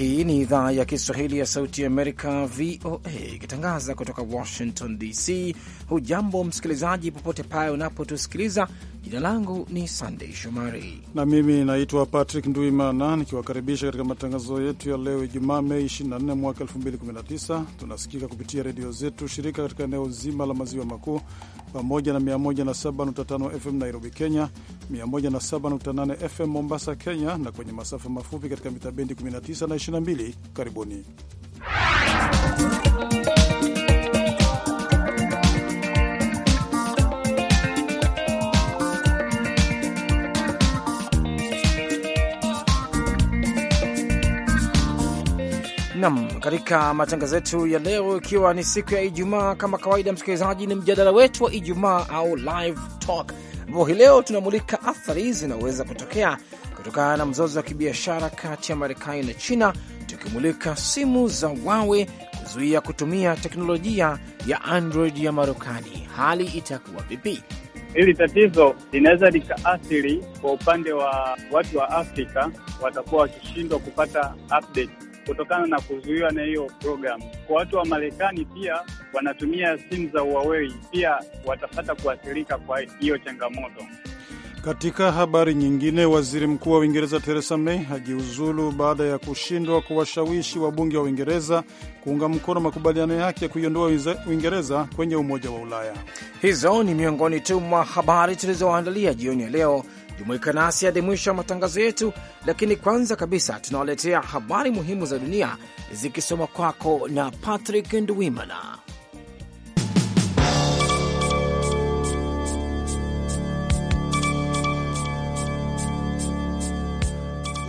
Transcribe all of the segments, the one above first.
Hii ni idhaa ya Kiswahili ya Sauti ya Amerika, VOA, ikitangaza kutoka Washington DC. Hujambo msikilizaji, popote pale unapotusikiliza. Jina langu ni sandey Shomari na mimi naitwa Patrick Nduimana, nikiwakaribisha katika matangazo yetu ya leo Ijumaa, Mei 24 mwaka 2019. Tunasikika kupitia redio zetu shirika katika eneo zima la maziwa makuu pamoja na 107.5 FM Nairobi, Kenya, 107.8 FM Mombasa, Kenya, na kwenye masafa mafupi katika mita bendi 19 na 22. Karibuni Nam, katika matangazo yetu ya leo, ikiwa ni siku ya Ijumaa, kama kawaida, msikilizaji, ni mjadala wetu wa Ijumaa au live talk, ambapo hii leo tunamulika athari zinaweza kutokea kutokana na mzozo wa kibiashara kati ya Marekani na China, tukimulika simu za wawe kuzuia kutumia teknolojia ya Android ya Marekani. Hali itakuwa vipi? Hili tatizo linaweza likaathiri kwa upande wa watu wa Afrika, watakuwa wakishindwa kupata update kutokana na kuzuiwa na hiyo programu. Kwa watu wa Marekani pia wanatumia simu za Huawei pia watapata kuathirika kwa hiyo changamoto. Katika habari nyingine, waziri mkuu wa Uingereza Theresa May ajiuzulu baada ya kushindwa kuwashawishi wabunge wa Uingereza kuunga mkono makubaliano yake ya kuiondoa Uingereza kwenye Umoja wa Ulaya. Hizo ni miongoni tu mwa habari tulizowaandalia jioni ya leo. Jumuika nasi hadi mwisho wa matangazo yetu, lakini kwanza kabisa tunawaletea habari muhimu za dunia zikisoma kwako na Patrick ndwimana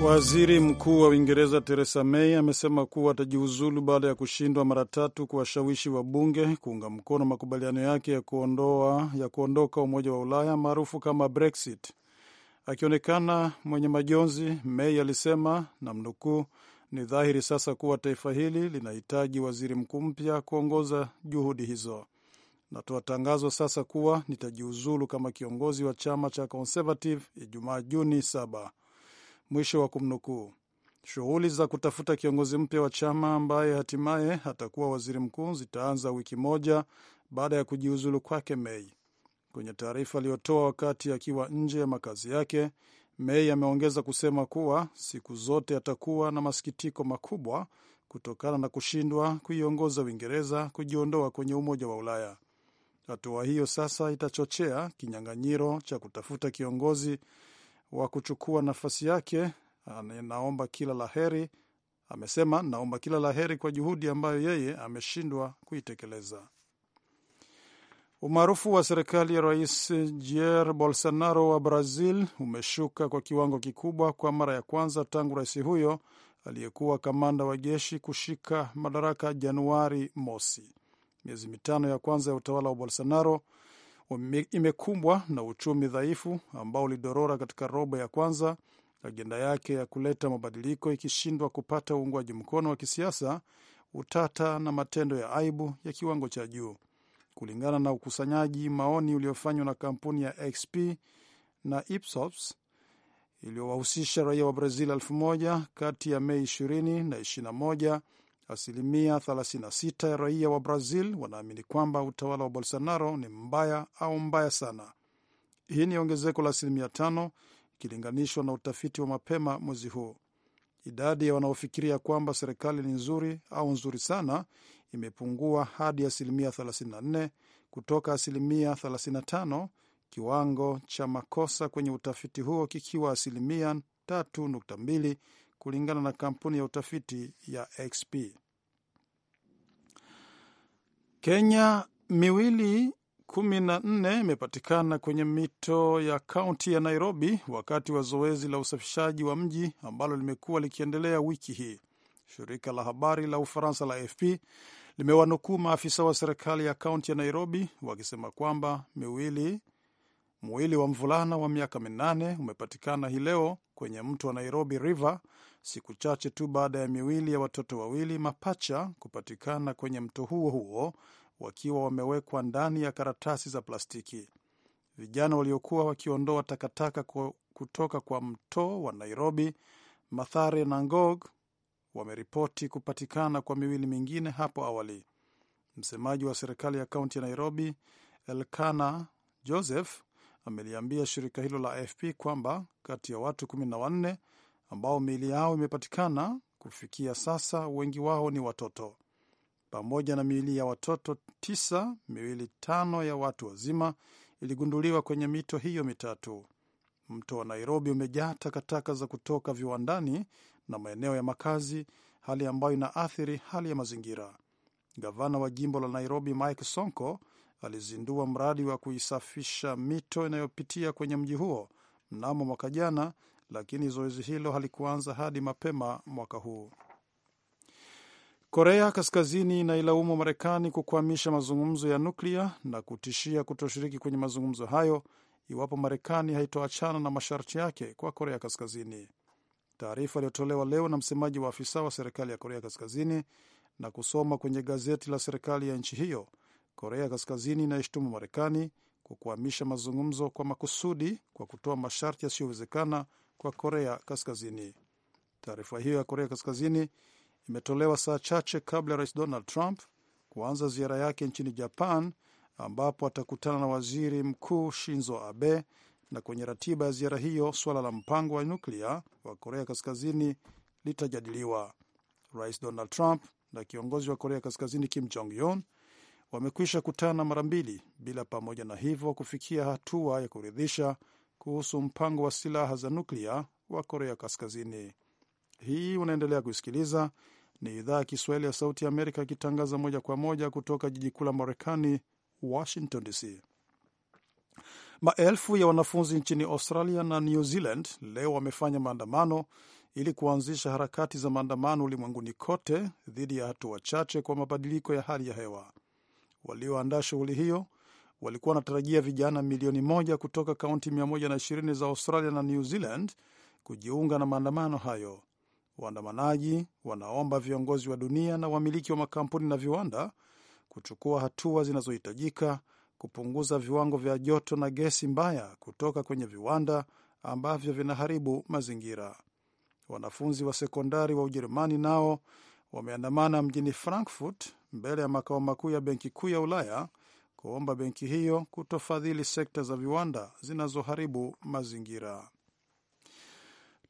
Waziri Mkuu wa Uingereza Theresa May amesema kuwa atajiuzulu baada ya kushindwa mara tatu kuwashawishi wabunge kuunga mkono makubaliano yake ya kuondoa ya kuondoka Umoja wa Ulaya maarufu kama Brexit. Akionekana mwenye majonzi, Mei alisema namnukuu, ni dhahiri sasa kuwa taifa hili linahitaji waziri mkuu mpya kuongoza juhudi hizo. Natoa tangazo sasa kuwa nitajiuzulu kama kiongozi wa chama cha Conservative Ijumaa Juni saba. Mwisho wa kumnukuu. Shughuli za kutafuta kiongozi mpya wa chama ambaye hatimaye atakuwa waziri mkuu zitaanza wiki moja baada ya kujiuzulu kwake Mei. Kwenye taarifa aliyotoa wakati akiwa nje ya makazi yake, Mei ameongeza kusema kuwa siku zote atakuwa na masikitiko makubwa kutokana na kushindwa kuiongoza Uingereza kujiondoa kwenye Umoja wa Ulaya. Hatua hiyo sasa itachochea kinyang'anyiro cha kutafuta kiongozi wa kuchukua nafasi yake. Naomba kila la heri, amesema. Naomba kila la heri kwa juhudi ambayo yeye ameshindwa kuitekeleza. Umaarufu wa serikali ya Rais Jair Bolsonaro wa Brazil umeshuka kwa kiwango kikubwa kwa mara ya kwanza tangu rais huyo aliyekuwa kamanda wa jeshi kushika madaraka Januari mosi. Miezi mitano ya kwanza ya utawala wa Bolsonaro imekumbwa na uchumi dhaifu ambao ulidorora katika robo ya kwanza, agenda yake ya kuleta mabadiliko ikishindwa kupata uungwaji mkono wa kisiasa, utata na matendo ya aibu ya kiwango cha juu kulingana na ukusanyaji maoni uliofanywa na kampuni ya XP na Ipsos iliyowahusisha raia wa Brazil elfu moja kati ya Mei 20 na 21, asilimia 36 ya raia wa Brazil wanaamini kwamba utawala wa Bolsonaro ni mbaya au mbaya sana. Hii ni ongezeko la asilimia tano ikilinganishwa na utafiti wa mapema mwezi huu. Idadi ya wanaofikiria kwamba serikali ni nzuri au nzuri sana imepungua hadi asilimia 34 kutoka asilimia 35, kiwango cha makosa kwenye utafiti huo kikiwa asilimia 3.2 kulingana na kampuni ya utafiti ya XP. Kenya miwili 14 imepatikana kwenye mito ya kaunti ya Nairobi wakati wa zoezi la usafishaji wa mji ambalo limekuwa likiendelea wiki hii. Shirika la habari la Ufaransa la AFP limewanukuu maafisa wa serikali ya kaunti ya Nairobi wakisema kwamba miwili mwili wa mvulana wa miaka minane umepatikana hii leo kwenye mto wa Nairobi River siku chache tu baada ya miwili ya watoto wawili mapacha kupatikana kwenye mto huo huo wakiwa wamewekwa ndani ya karatasi za plastiki. Vijana waliokuwa wakiondoa takataka kutoka kwa mto wa Nairobi Mathare na Ngog wameripoti kupatikana kwa miwili mingine hapo awali. Msemaji wa serikali ya kaunti ya Nairobi, Elkana Joseph, ameliambia shirika hilo la AFP kwamba kati ya watu 14 ambao miili yao imepatikana kufikia sasa, wengi wao ni watoto. Pamoja na miili ya watoto tisa, miili tano ya watu wazima iligunduliwa kwenye mito hiyo mitatu. Mto wa Nairobi umejaa takataka za kutoka viwandani na maeneo ya makazi, hali ambayo inaathiri hali ya mazingira. Gavana wa jimbo la Nairobi Mike Sonko alizindua mradi wa kuisafisha mito inayopitia kwenye mji huo mnamo mwaka jana, lakini zoezi hilo halikuanza hadi mapema mwaka huu. Korea Kaskazini inailaumu Marekani kukwamisha mazungumzo ya nuklia na kutishia kutoshiriki kwenye mazungumzo hayo iwapo Marekani haitoachana na masharti yake kwa Korea Kaskazini. Taarifa iliyotolewa leo na msemaji wa afisa wa serikali ya Korea Kaskazini na kusoma kwenye gazeti la serikali ya nchi hiyo, Korea Kaskazini inaishtumu Marekani kwa kuamisha mazungumzo kwa makusudi kwa kutoa masharti yasiyowezekana kwa Korea Kaskazini. Taarifa hiyo ya Korea Kaskazini imetolewa saa chache kabla ya rais Donald Trump kuanza ziara yake nchini Japan ambapo atakutana na waziri mkuu Shinzo Abe, na kwenye ratiba ya ziara hiyo suala la mpango wa nyuklia wa Korea Kaskazini litajadiliwa. Rais Donald Trump na kiongozi wa Korea Kaskazini Kim Jong Un wamekwisha kutana mara mbili bila pamoja na hivyo kufikia hatua ya kuridhisha kuhusu mpango wa silaha za nuklia wa Korea Kaskazini. Hii unaendelea kuisikiliza, ni idhaa ya Kiswahili ya Sauti ya Amerika ikitangaza moja kwa moja kutoka jiji kuu la Marekani, Washington DC. Maelfu ya wanafunzi nchini Australia na New Zealand leo wamefanya maandamano ili kuanzisha harakati za maandamano ulimwenguni kote dhidi ya hatua chache kwa mabadiliko ya hali ya hewa. Walioandaa shughuli hiyo walikuwa wanatarajia vijana milioni moja kutoka kaunti 120 za Australia na New Zealand kujiunga na maandamano hayo. Waandamanaji wanaomba viongozi wa dunia na wamiliki wa makampuni na viwanda kuchukua hatua zinazohitajika kupunguza viwango vya joto na gesi mbaya kutoka kwenye viwanda ambavyo vinaharibu mazingira. Wanafunzi wa sekondari wa Ujerumani nao wameandamana mjini Frankfurt mbele ya makao makuu ya Benki Kuu ya Ulaya kuomba benki hiyo kutofadhili sekta za viwanda zinazoharibu mazingira.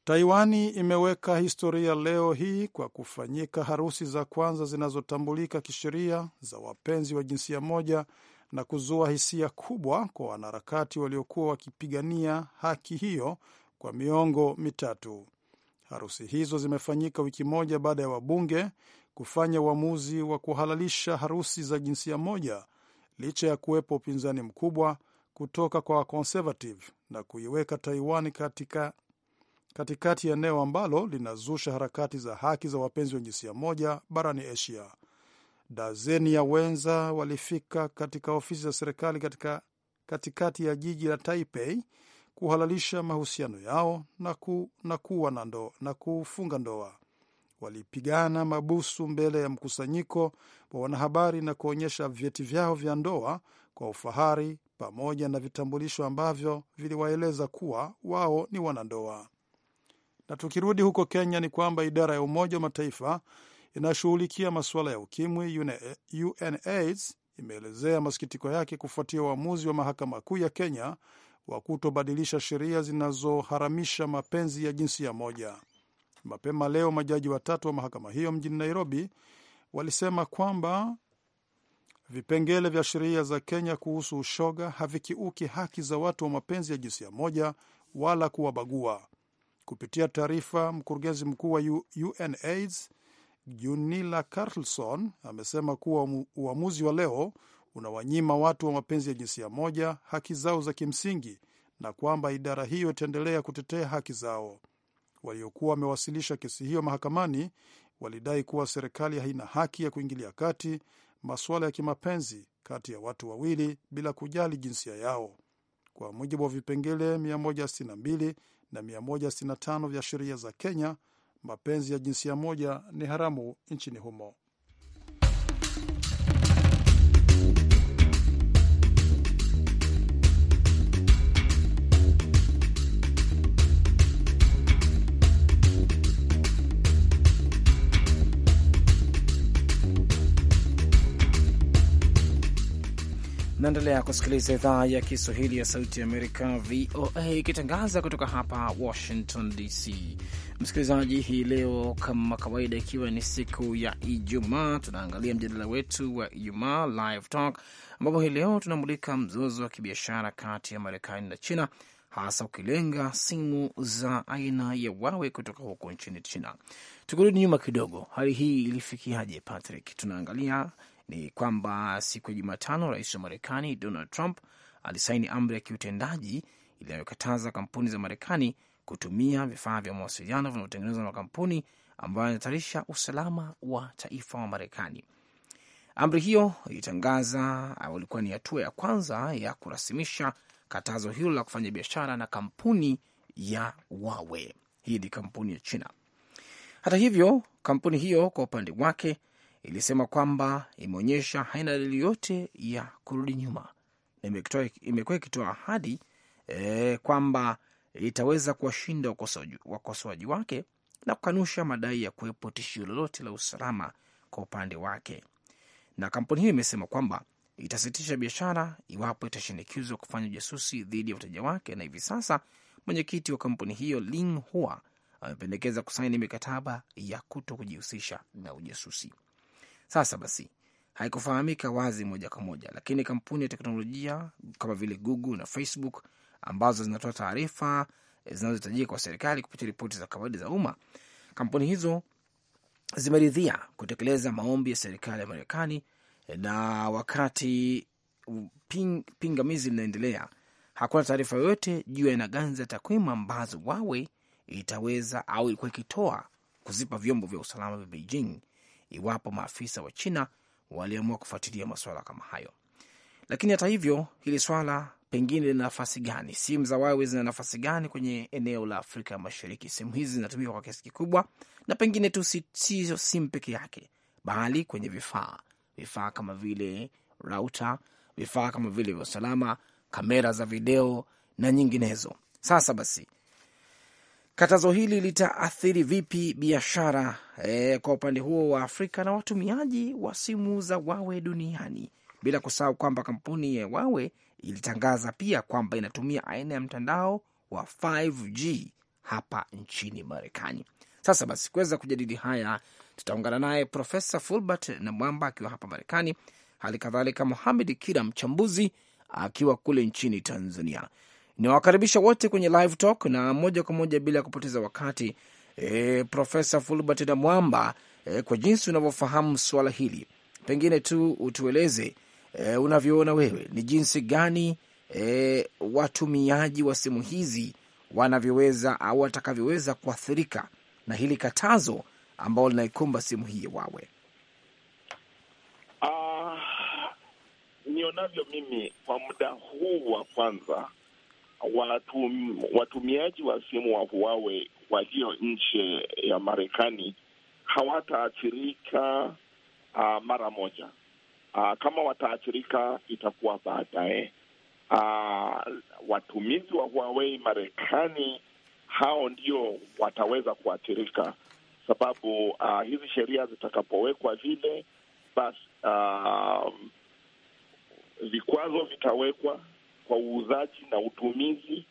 Taiwani imeweka historia leo hii kwa kufanyika harusi za kwanza zinazotambulika kisheria za wapenzi wa jinsia moja na kuzua hisia kubwa kwa wanaharakati waliokuwa wakipigania haki hiyo kwa miongo mitatu. Harusi hizo zimefanyika wiki moja baada ya wabunge kufanya uamuzi wa kuhalalisha harusi za jinsia moja licha ya kuwepo upinzani mkubwa kutoka kwa wakonservative na kuiweka Taiwan katika katikati ya eneo ambalo linazusha harakati za haki za wapenzi wa jinsia moja barani Asia. Dazeni ya wenza walifika katika ofisi za serikali katika katikati ya jiji la Taipei kuhalalisha mahusiano yao na, ku, na kuwa na ndo, na kufunga ndoa. Walipigana mabusu mbele ya mkusanyiko wa wanahabari na kuonyesha vyeti vyao vya ndoa kwa ufahari pamoja na vitambulisho ambavyo viliwaeleza kuwa wao ni wanandoa. Na tukirudi huko Kenya ni kwamba idara ya Umoja wa Mataifa inayoshughulikia masuala ya ukimwi UNAIDS imeelezea masikitiko yake kufuatia uamuzi wa mahakama kuu ya Kenya wa kutobadilisha sheria zinazoharamisha mapenzi ya jinsia moja. Mapema leo majaji watatu wa mahakama hiyo mjini Nairobi walisema kwamba vipengele vya sheria za Kenya kuhusu ushoga havikiuki haki za watu wa mapenzi ya jinsia moja wala kuwabagua. Kupitia taarifa, mkurugenzi mkuu wa UNAIDS Gunilla Carlson amesema kuwa uamuzi wa leo unawanyima watu wa mapenzi ya jinsia moja haki zao za kimsingi na kwamba idara hiyo itaendelea kutetea haki zao. Waliokuwa wamewasilisha kesi hiyo mahakamani walidai kuwa serikali haina haki ya kuingilia kati masuala ya kimapenzi kati ya watu wawili bila kujali jinsia yao. Kwa mujibu wa vipengele na 165 vya sheria za Kenya, mapenzi ya jinsia moja ni haramu nchini humo. Naendelea kusikiliza idhaa ya Kiswahili ya Sauti ya Amerika, VOA, ikitangaza kutoka hapa Washington DC. Msikilizaji, hii leo kama kawaida, ikiwa ni siku ya Ijumaa, tunaangalia mjadala wetu wa Ijumaa Live Talk, ambapo hii leo tunamulika mzozo wa kibiashara kati ya Marekani na China, hasa ukilenga simu za aina ya wawe kutoka huko nchini China. Tukirudi nyuma kidogo, hali hii ilifikiaje, Patrick? Tunaangalia ni kwamba siku ya Jumatano rais wa Marekani Donald Trump alisaini amri ya kiutendaji inayokataza kampuni za Marekani kutumia vifaa vya mawasiliano vinavyotengenezwa na kampuni ambayo inahatarisha usalama wa taifa wa Marekani. Amri hiyo ilitangaza au ilikuwa ni hatua ya kwanza ya kurasimisha katazo hilo la kufanya biashara na kampuni ya Huawei. Hii ni kampuni ya China. Hata hivyo, kampuni hiyo kwa upande wake ilisema kwamba imeonyesha haina dalili yote ya kurudi nyuma na imekuwa ikitoa ahadi e, kwamba itaweza kuwashinda wakosoaji wake na kukanusha madai ya kuwepo tishio lolote la usalama kwa upande wake. Na kampuni hiyo imesema kwamba itasitisha biashara iwapo itashinikizwa kufanya ujasusi dhidi ya wateja wake, na hivi sasa mwenyekiti wa kampuni hiyo Ling Hua amependekeza kusaini mikataba ya kuto kujihusisha na ujasusi. Sasa basi, haikufahamika wazi moja kwa moja, lakini kampuni ya teknolojia kama vile Google na Facebook ambazo zinatoa taarifa zinazohitajika kwa serikali kupitia ripoti za kawaida za umma, kampuni hizo zimeridhia kutekeleza maombi ya serikali ya Marekani, na wakati ping, pingamizi linaendelea, hakuna taarifa yoyote juu ya aina gani za takwimu ambazo wawe itaweza au ilikuwa ikitoa kuzipa vyombo vya usalama vya Beijing iwapo maafisa wa China waliamua kufuatilia masuala kama hayo. Lakini hata hivyo, hili swala pengine lina nafasi gani? Simu za Huawei zina nafasi gani kwenye eneo la Afrika Mashariki? Simu hizi zinatumika kwa kiasi kikubwa, na pengine tu sio simu peke yake, bali kwenye vifaa vifaa kama vile rauta, vifaa kama vile vya usalama, kamera za video na nyinginezo. Sasa basi katazo hili litaathiri vipi biashara e, kwa upande huo wa Afrika na watumiaji wa simu za Huawei duniani, bila kusahau kwamba kampuni ya Huawei ilitangaza pia kwamba inatumia aina ya mtandao wa 5G hapa nchini Marekani. Sasa basi, kuweza kujadili haya tutaungana naye Profesa Fulbert na Mwamba akiwa hapa Marekani, hali kadhalika Mohamed Kira mchambuzi akiwa kule nchini Tanzania. Niwakaribisha wote kwenye live talk na moja kwa moja bila ya kupoteza wakati. E, Profesa Fulbert na Mwamba, e, kwa jinsi unavyofahamu swala hili, pengine tu utueleze e, unavyoona wewe ni jinsi gani e, watumiaji wa simu hizi wanavyoweza au watakavyoweza kuathirika na hili katazo ambalo linaikumba simu hii wawe uh, ah, nionavyo mimi kwa muda huu wa kwanza watum, watumiaji wa simu wa Huawei walio nje ya Marekani hawataathirika uh, mara moja. Uh, kama wataathirika itakuwa baadaye. Uh, watumizi wa Huawei Marekani hao ndio wataweza kuathirika, sababu uh, hizi sheria zitakapowekwa vile basi uh, vikwazo vitawekwa kwa uuzaji na utumizi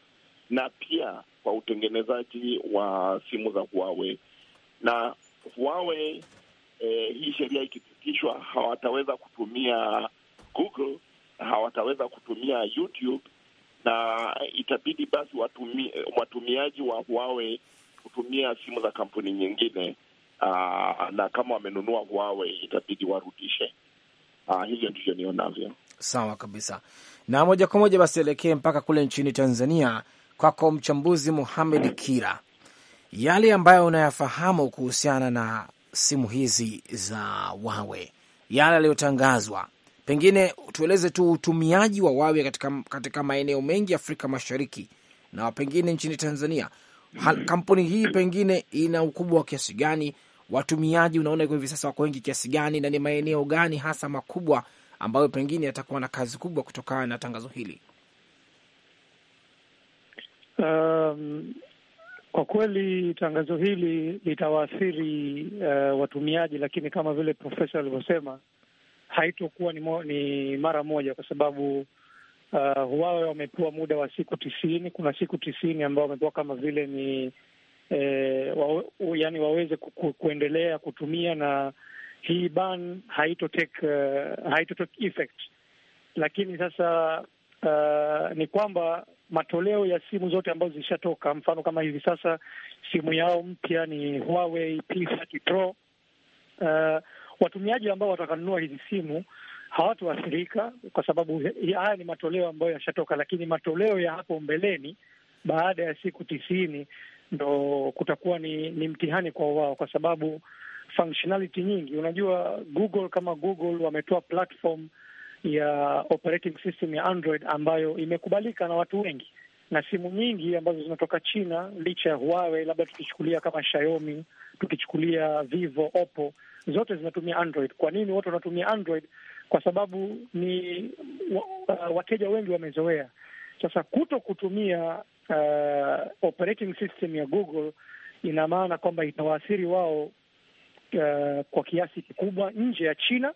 na pia kwa utengenezaji wa simu za Huawei na Huawei. E, hii sheria ikipitishwa, hawataweza kutumia Google, hawataweza kutumia YouTube na itabidi basi watumi, watumiaji wa Huawei kutumia simu za kampuni nyingine. Aa, ah, na kama wamenunua Huawei itabidi warudishe. Ah, hivyo ndivyo nionavyo. Sawa kabisa. Na moja kwa moja basi elekee mpaka kule nchini Tanzania, kwako mchambuzi Muhamed Kira, yale ambayo unayafahamu kuhusiana na simu hizi za Wawe, yale yaliyotangazwa, pengine tueleze tu utumiaji wa Wawe katika, katika maeneo mengi Afrika Mashariki na pengine nchini Tanzania. Kampuni hii pengine ina ukubwa wa kiasi gani? Watumiaji unaona hivi sasa wako wengi kiasi gani, na ni maeneo gani hasa makubwa ambayo pengine yatakuwa na kazi kubwa kutokana na tangazo hili? Um, kwa kweli tangazo hili litawaathiri uh, watumiaji, lakini kama vile profesa alivyosema haitokuwa ni, ni mara moja kwa sababu uh, Huwawe wamepewa muda wa siku tisini. Kuna siku tisini ambao wamepewa kama vile ni eh, wa, yani waweze ku, ku, kuendelea kutumia na hii ban haito take uh, haito take effect, lakini sasa uh, ni kwamba matoleo ya simu zote ambazo zishatoka mfano kama hivi sasa simu yao mpya ni Huawei P30 Pro, uh, watumiaji ambao watakanunua hizi simu hawatoathirika kwa sababu haya ni matoleo ambayo yashatoka, lakini matoleo ya hapo mbeleni baada ya siku tisini ndo kutakuwa ni, ni mtihani kwa wao, kwa sababu functionality nyingi. Unajua, Google kama Google wametoa platform ya operating system ya Android ambayo imekubalika na watu wengi, na simu nyingi ambazo zinatoka China, licha ya Huawei, labda tukichukulia kama Xiaomi, tukichukulia Vivo, Oppo, zote zinatumia Android. Kwa nini wote wanatumia Android? Kwa sababu ni uh, wateja wengi wamezoea. Sasa kuto kutumia uh, operating system ya Google ina maana kwamba itawaathiri wao Eh, kwa kiasi kikubwa nje ya China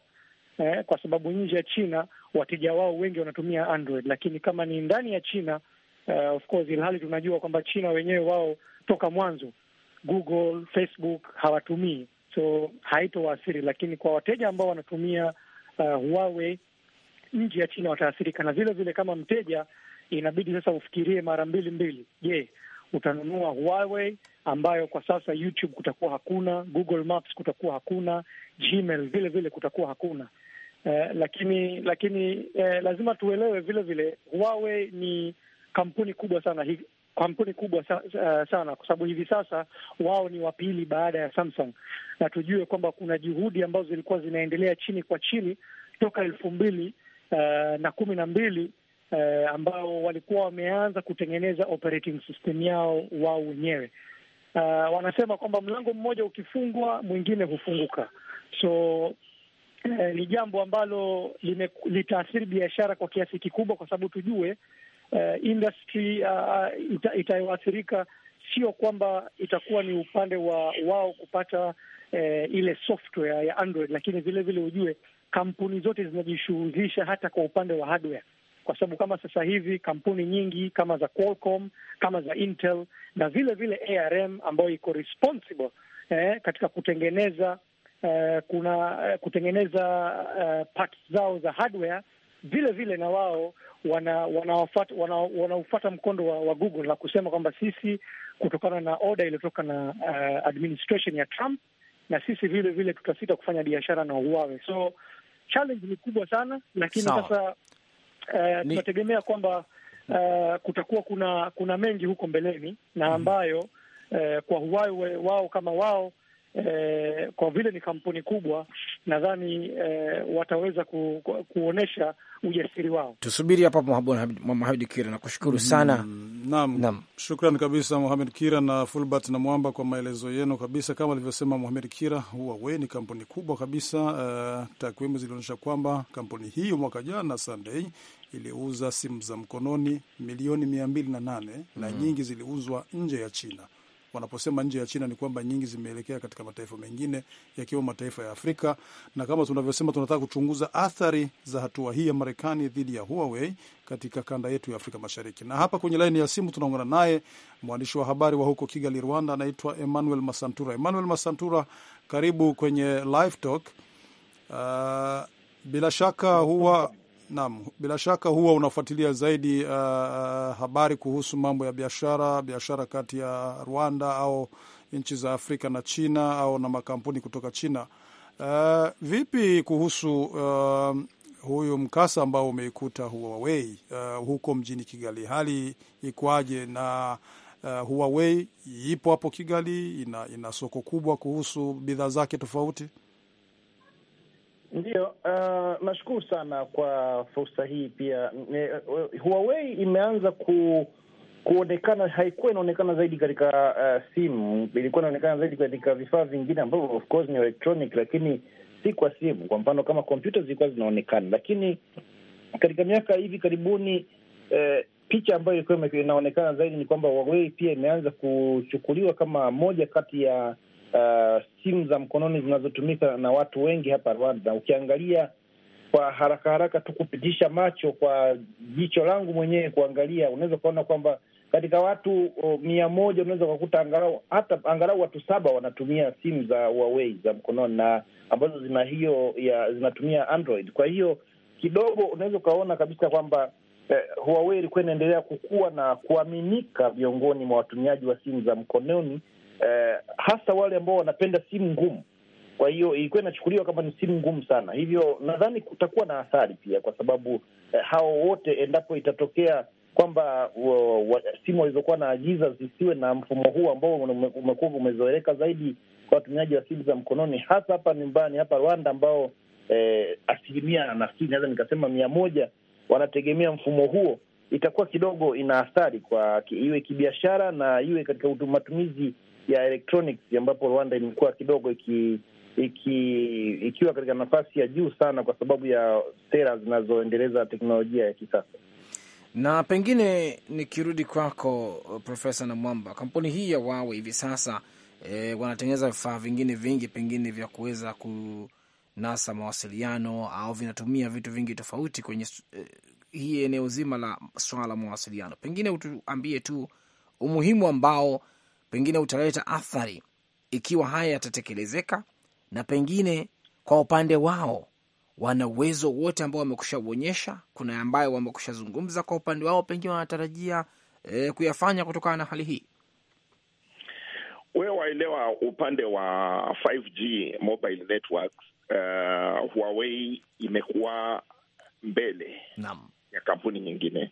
eh, kwa sababu nje ya China wateja wao wengi wanatumia Android, lakini kama ni ndani ya China uh, of course, ilhali tunajua kwamba China wenyewe wao toka mwanzo Google, Facebook hawatumii, so haitowaathiri, lakini kwa wateja ambao wanatumia uh, Huawei nje ya China wataathirika. Na vile vile kama mteja inabidi sasa ufikirie mara mbili mbili. Je, utanunua Huawei ambayo kwa sasa YouTube kutakuwa hakuna, Google Maps kutakuwa hakuna, Gmail vile vile kutakuwa hakuna. Eh, lakini lakini eh, lazima tuelewe vile vile Huawei ni kampuni kubwa sana hi, kampuni kubwa sa, uh, sana kwa sababu hivi sasa wao ni wapili baada ya Samsung, na tujue kwamba kuna juhudi ambazo zilikuwa zinaendelea chini kwa chini toka elfu mbili uh, na kumi na mbili eh, ambao walikuwa wameanza kutengeneza operating system yao wao wenyewe. Uh, wanasema kwamba mlango mmoja ukifungwa mwingine hufunguka, so eh, ni jambo ambalo litaathiri biashara kwa kiasi kikubwa, kwa sababu tujue eh, industry uh, ita, itayoathirika sio kwamba itakuwa ni upande wa wao kupata eh, ile software ya Android, lakini vilevile vile ujue kampuni zote zinajishughulisha hata kwa upande wa hardware kwa sababu kama sasa hivi kampuni nyingi kama za Qualcomm, kama za Intel na vile vile ARM ambayo iko responsible eh, katika kutengeneza eh, kuna eh, kutengeneza eh, parts zao za hardware vile vile na wao wanaufata wana wana, wana mkondo wa, wa Google na kusema kwamba sisi, kutokana na oda iliyotoka na uh, administration ya Trump, na sisi vile vile tutasita kufanya biashara na Huawei. So challenge ni kubwa sana, lakini sasa uh, ni... tunategemea kwamba uh, kutakuwa kuna kuna mengi huko mbeleni na mhm. ambayo uh, kwa huwai wao kama wao eh, kwa vile ni kampuni kubwa nadhani eh, wataweza ku, ku, kuonyesha ujasiri wao. Tusubiri hapa Mohamed Kira, nakushukuru mm, sana mm, naam, naam. Shukran kabisa Mohamed Kira na Fulbert na Mwamba kwa maelezo yenu kabisa. Kama alivyosema Mohamed Kira, Huawei ni kampuni kubwa kabisa. Uh, takwimu zilionyesha kwamba kampuni hiyo mwaka jana Sunday iliuza simu za mkononi milioni mia mbili na nane na mm. nyingi ziliuzwa nje ya China wanaposema nje ya China ni kwamba nyingi zimeelekea katika mataifa mengine yakiwemo mataifa ya Afrika, na kama tunavyosema, tunataka kuchunguza athari za hatua hii ya Marekani dhidi ya Huawei katika kanda yetu ya Afrika Mashariki. Na hapa kwenye laini ya simu tunaungana naye mwandishi wa habari wa huko Kigali, Rwanda, anaitwa Emmanuel Masantura. Emmanuel Masantura, karibu kwenye Live Talk. Uh, bila shaka huwa Naam, bila shaka huwa unafuatilia zaidi uh, uh, habari kuhusu mambo ya biashara, biashara kati ya Rwanda au nchi za Afrika na China au na makampuni kutoka China. Uh, vipi kuhusu uh, huyu mkasa ambao umeikuta Huawei uh, huko mjini Kigali, hali ikwaje Na uh, Huawei ipo hapo Kigali, ina, ina soko kubwa kuhusu bidhaa zake tofauti Ndiyo, uh, nashukuru sana kwa fursa hii pia. Uh, Huawei imeanza ku kuonekana, haikuwa inaonekana zaidi katika uh, simu, ilikuwa inaonekana zaidi katika vifaa vingine ambavyo of course ni electronic, lakini si kwa simu. Kwa mfano kama kompyuta zilikuwa zinaonekana, lakini katika miaka hivi karibuni eh, picha ambayo ilikuwa inaonekana zaidi ni kwamba Huawei pia imeanza kuchukuliwa kama moja kati ya uh, simu za mkononi zinazotumika na watu wengi hapa Rwanda. Ukiangalia kwa haraka haraka tu kupitisha macho kwa jicho langu mwenyewe kuangalia, unaweza ukaona kwamba katika watu oh, mia moja unaweza ukakuta angalau hata angalau watu saba wanatumia simu za Huawei za mkononi na ambazo zina hiyo ya zinatumia Android. Kwa hiyo kidogo unaweza ukaona kabisa kwamba eh, Huawei ilikuwa inaendelea kukua na kuaminika miongoni mwa watumiaji wa simu za mkononi eh, hasa wale ambao wanapenda simu ngumu. Kwa hiyo ilikuwa inachukuliwa kama ni simu ngumu sana, hivyo nadhani kutakuwa na athari pia, kwa sababu eh, hao wote endapo itatokea kwamba simu walizokuwa na agiza zisiwe na mfumo huu ambao umekuwa umezoeleka zaidi kwa watumiaji wa simu za mkononi, hasa hapa nyumbani hapa Rwanda, ambao eh, asilimia nafikiri naweza nikasema mia moja wanategemea mfumo huo, itakuwa kidogo ina athari kwa iwe kibiashara na iwe katika matumizi ya electronics ambapo Rwanda imekuwa kidogo iki, iki ikiwa katika nafasi ya juu sana kwa sababu ya sera zinazoendeleza teknolojia ya kisasa. Na pengine nikirudi kwako Profesa Namwamba, kampuni hii ya Huawei hivi sasa e, wanatengeneza vifaa vingine vingi pengine vya kuweza kunasa mawasiliano au vinatumia vitu vingi tofauti kwenye e, hii eneo zima la swala la mawasiliano. Pengine utuambie tu umuhimu ambao pengine utaleta athari ikiwa haya yatatekelezeka, na pengine kwa upande wao wana uwezo wote ambao wamekusha uonyesha. Kuna ambayo wamekusha zungumza kwa upande wao, pengine wanatarajia e, kuyafanya kutokana na hali hii. Wewe waelewa upande wa 5G mobile networks, uh, Huawei imekuwa mbele Naam. ya kampuni nyingine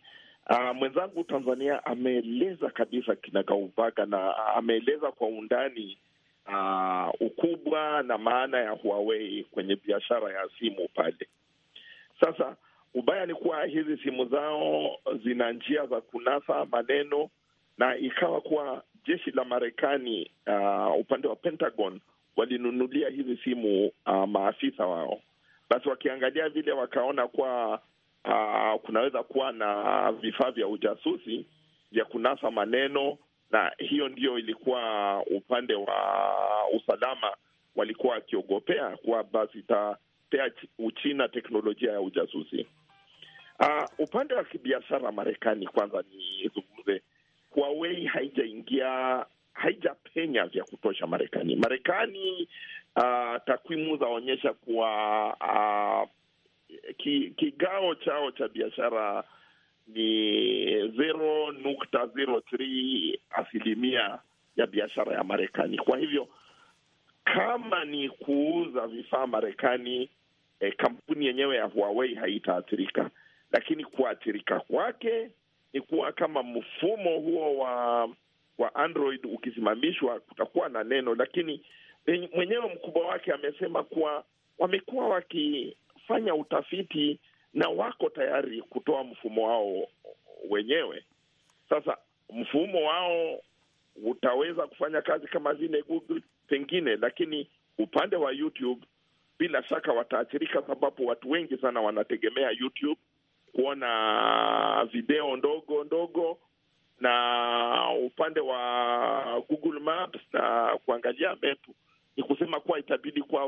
Uh, mwenzangu Tanzania ameeleza kabisa kinagaubaga na ameeleza kwa undani uh, ukubwa na maana ya Huawei kwenye biashara ya simu pale. Sasa ubaya ni kuwa hizi simu zao zina njia za kunasa maneno na ikawa kuwa jeshi la Marekani uh, upande wa Pentagon walinunulia hizi simu uh, maafisa wao. Basi wakiangalia vile wakaona kuwa uh, kunaweza kuwa na vifaa vya ujasusi vya kunasa maneno, na hiyo ndiyo ilikuwa upande wa usalama walikuwa wakiogopea kuwa basi itapea Uchina teknolojia ya ujasusi. Uh, upande wa kibiashara Marekani, kwanza nizungumze, Huawei haijaingia haijapenya vya kutosha Marekani. Marekani uh, takwimu zaonyesha kuwa uh, ki, kigao chao cha biashara ni zero nukta zero three asilimia ya biashara ya Marekani. Kwa hivyo kama ni kuuza vifaa Marekani, eh, kampuni yenyewe ya Huawei haitaathirika, lakini kuathirika kwake ni kuwa kama mfumo huo wa wa Android ukisimamishwa, kutakuwa na neno, lakini eh, mwenyewe mkubwa wake amesema kuwa wamekuwa waki wanafanya utafiti na wako tayari kutoa mfumo wao wenyewe. Sasa mfumo wao utaweza kufanya kazi kama vile Google pengine, lakini upande wa YouTube bila shaka wataathirika, sababu watu wengi sana wanategemea YouTube kuona video ndogo ndogo, na upande wa Google Maps na kuangalia mepu ni kusema kuwa itabidi kuwa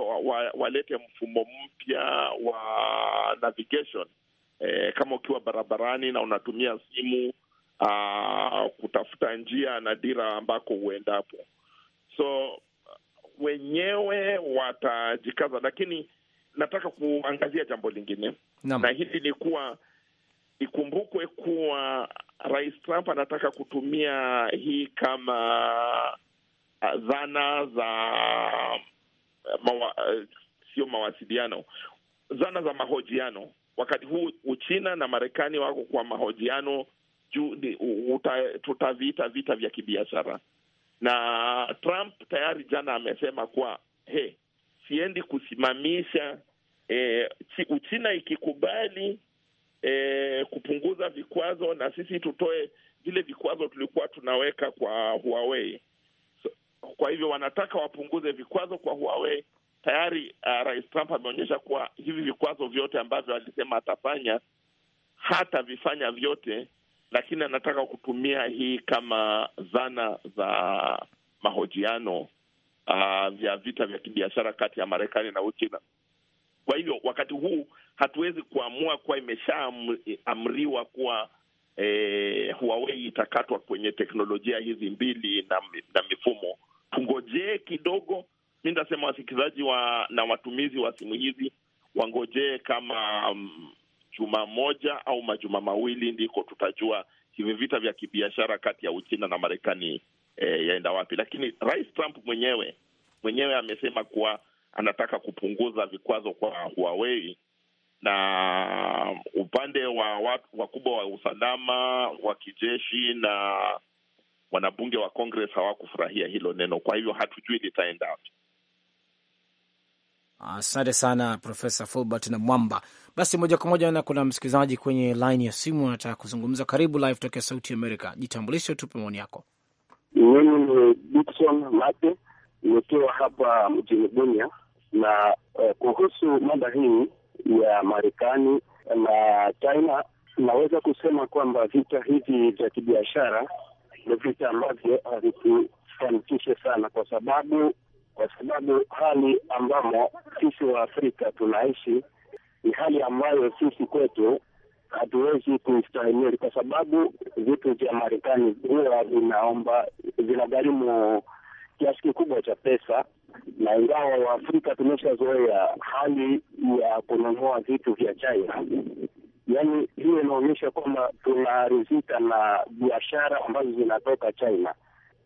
walete wa, wa mfumo mpya wa navigation e, kama ukiwa barabarani na unatumia simu a, ah, kutafuta njia na dira ambako huendapo, so wenyewe watajikaza, lakini nataka kuangazia jambo lingine Nam. na hili ni kuwa ikumbukwe kuwa Rais Trump anataka kutumia hii kama zana za eh, mawa, eh, sio mawasiliano, zana za mahojiano. Wakati huu Uchina na Marekani wako kwa mahojiano juu, tutaviita vita vya kibiashara, na Trump tayari jana amesema kuwa he, siendi kusimamisha e, Uchina ikikubali e, kupunguza vikwazo na sisi tutoe vile vikwazo tulikuwa tunaweka kwa Huawei kwa hivyo wanataka wapunguze vikwazo kwa Huawei. Tayari uh, Rais Trump ameonyesha kuwa hivi vikwazo vyote ambavyo alisema atafanya hata vifanya vyote, lakini anataka kutumia hii kama zana za mahojiano uh, vya vita vya kibiashara kati ya Marekani na Uchina. Kwa hivyo wakati huu hatuwezi kuamua kuwa imeshaamriwa kuwa eh, Huawei itakatwa kwenye teknolojia hizi mbili na, na mifumo tungojee kidogo. Mi nitasema wasikilizaji wa, na watumizi wa simu hizi wangojee kama um, juma moja au majuma mawili, ndiko tutajua hivi vita vya kibiashara kati ya Uchina na Marekani e, yaenda wapi. Lakini Rais Trump mwenyewe mwenyewe amesema kuwa anataka kupunguza vikwazo kwa Huawei na upande wa wakubwa wa usalama wa kijeshi na wanabunge wa Congress hawakufurahia hilo neno, kwa hivyo hatujui litaenda wapi. Asante sana Profesa Fulbert na Mwamba. Basi moja kwa moja na kuna msikilizaji kwenye laini ya simu anataka kuzungumza. Karibu live tokea Sauti Amerika, jitambulishe, tupe maoni yako. Mimi ni Dikson Mate, nikiwa hapa mjini Bunia na eh, kuhusu mada hii ya Marekani na China, naweza kusema kwamba vita hivi vya kibiashara ni vitu ambavyo havitufanikishe sana, kwa sababu kwa sababu hali ambamo sisi wa Afrika tunaishi ni hali ambayo sisi kwetu hatuwezi kuistahimili, kwa sababu vitu vya Marekani huwa vinaomba vinagharimu kiasi kikubwa cha pesa, na ingawa Waafrika tumeshazoea hali ya kununua vitu vya China yani hiyo inaonyesha kwamba tunarizika na biashara ambazo zinatoka China.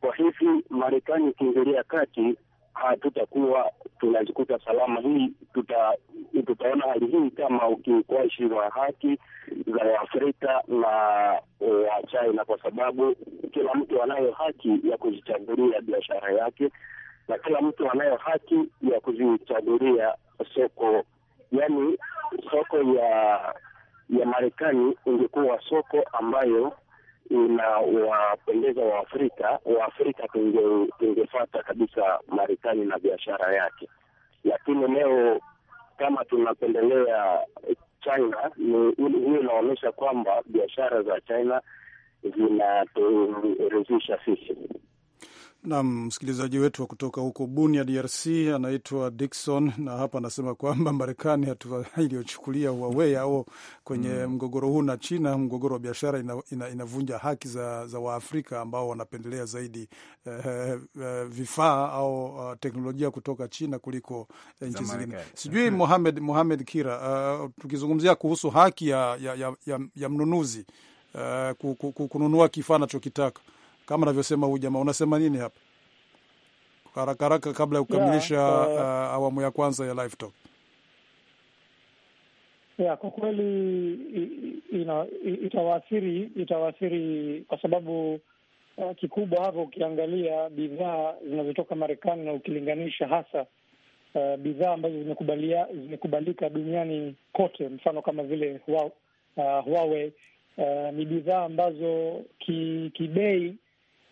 Kwa hivi Marekani ikiingilia kati, hatutakuwa tunazikuta salama. Hii tuta, tutaona hali hii kama ukiukwaji wa haki za Waafrika na eh, wa China, kwa sababu kila mtu anayo haki ya kujichagulia biashara yake na kila mtu anayo haki ya kujichagulia soko, yani soko ya ya Marekani ingekuwa soko ambayo inawapendeza Waafrika, Waafrika tungefata kabisa Marekani na biashara yake. Lakini leo kama tunapendelea China, hiyo inaonyesha kwamba biashara za China zinaturidhisha sisi. Nam msikilizaji wetu wa kutoka huko Bunia, DRC, anaitwa Dikson na hapa anasema kwamba Marekani hatua iliyochukulia Huawei au kwenye mm. mgogoro huu na China, mgogoro wa biashara, inavunja ina, ina haki za, za Waafrika ambao wanapendelea zaidi eh, eh, eh vifaa au uh, teknolojia kutoka China kuliko eh, nchi zingine. Sijui hmm. Mohamed, Mohamed Kira, uh, tukizungumzia kuhusu haki ya, ya, ya, ya, ya mnunuzi uh, kununua kifaa anachokitaka kama anavyosema huyu jamaa. Unasema nini hapa haraka haraka, kabla ya kukamilisha yeah, uh, awamu ya kwanza ya live talk? Yeah, kwa kweli itawaathiri itawaathiri kwa sababu uh, kikubwa hapo ukiangalia bidhaa zinazotoka Marekani na ukilinganisha hasa uh, bidhaa ambazo zimekubalika duniani kote, mfano kama vile Huawei uh, Huawei uh, ni bidhaa ambazo kibei ki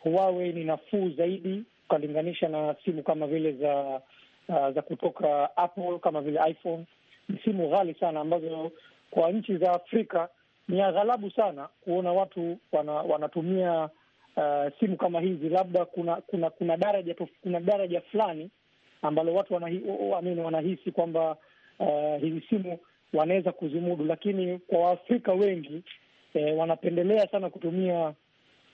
Huawei ni nafuu zaidi ukalinganisha na simu kama vile za uh, za kutoka Apple kama vile iPhone. Ni simu ghali sana ambazo kwa nchi za Afrika ni aghalabu sana kuona watu wana, wanatumia uh, simu kama hizi. Labda kuna kuna kuna daraja kuna daraja fulani ambalo watu wanahi, amin, wanahisi kwamba uh, hizi simu wanaweza kuzimudu, lakini kwa Waafrika wengi eh, wanapendelea sana kutumia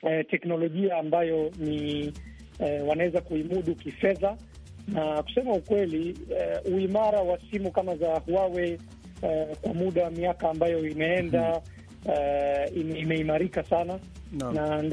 eh, teknolojia ambayo ni eh, wanaweza kuimudu kifedha na kusema ukweli, eh, uimara wa simu kama za Huawei eh, kwa muda wa miaka ambayo imeenda hmm. eh, imeimarika sana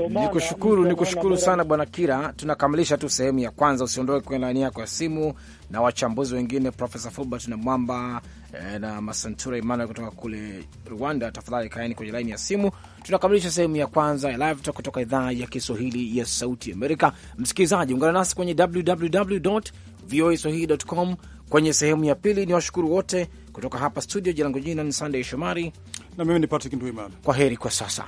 ni kushukuru ni kushukuru sana Bwana Kira. Tunakamilisha tu sehemu ya kwanza, usiondoke kwenye laini yako ya simu, na wachambuzi wengine Profesa Fulbert na Mwamba eh, na Masantura Imana kutoka kule Rwanda. Tafadhali kaeni kwenye laini ya simu. Tunakamilisha sehemu ya kwanza ya Live Talk kutoka idhaa ya Kiswahili ya Sauti Amerika. Msikilizaji, ungana nasi kwenye www voa swahili.com kwenye sehemu ya pili. Ni washukuru wote kutoka hapa studio. Jina langu jina ni Sunday Shomari na mimi ni Patrick Ndwimana. Kwa heri kwa sasa.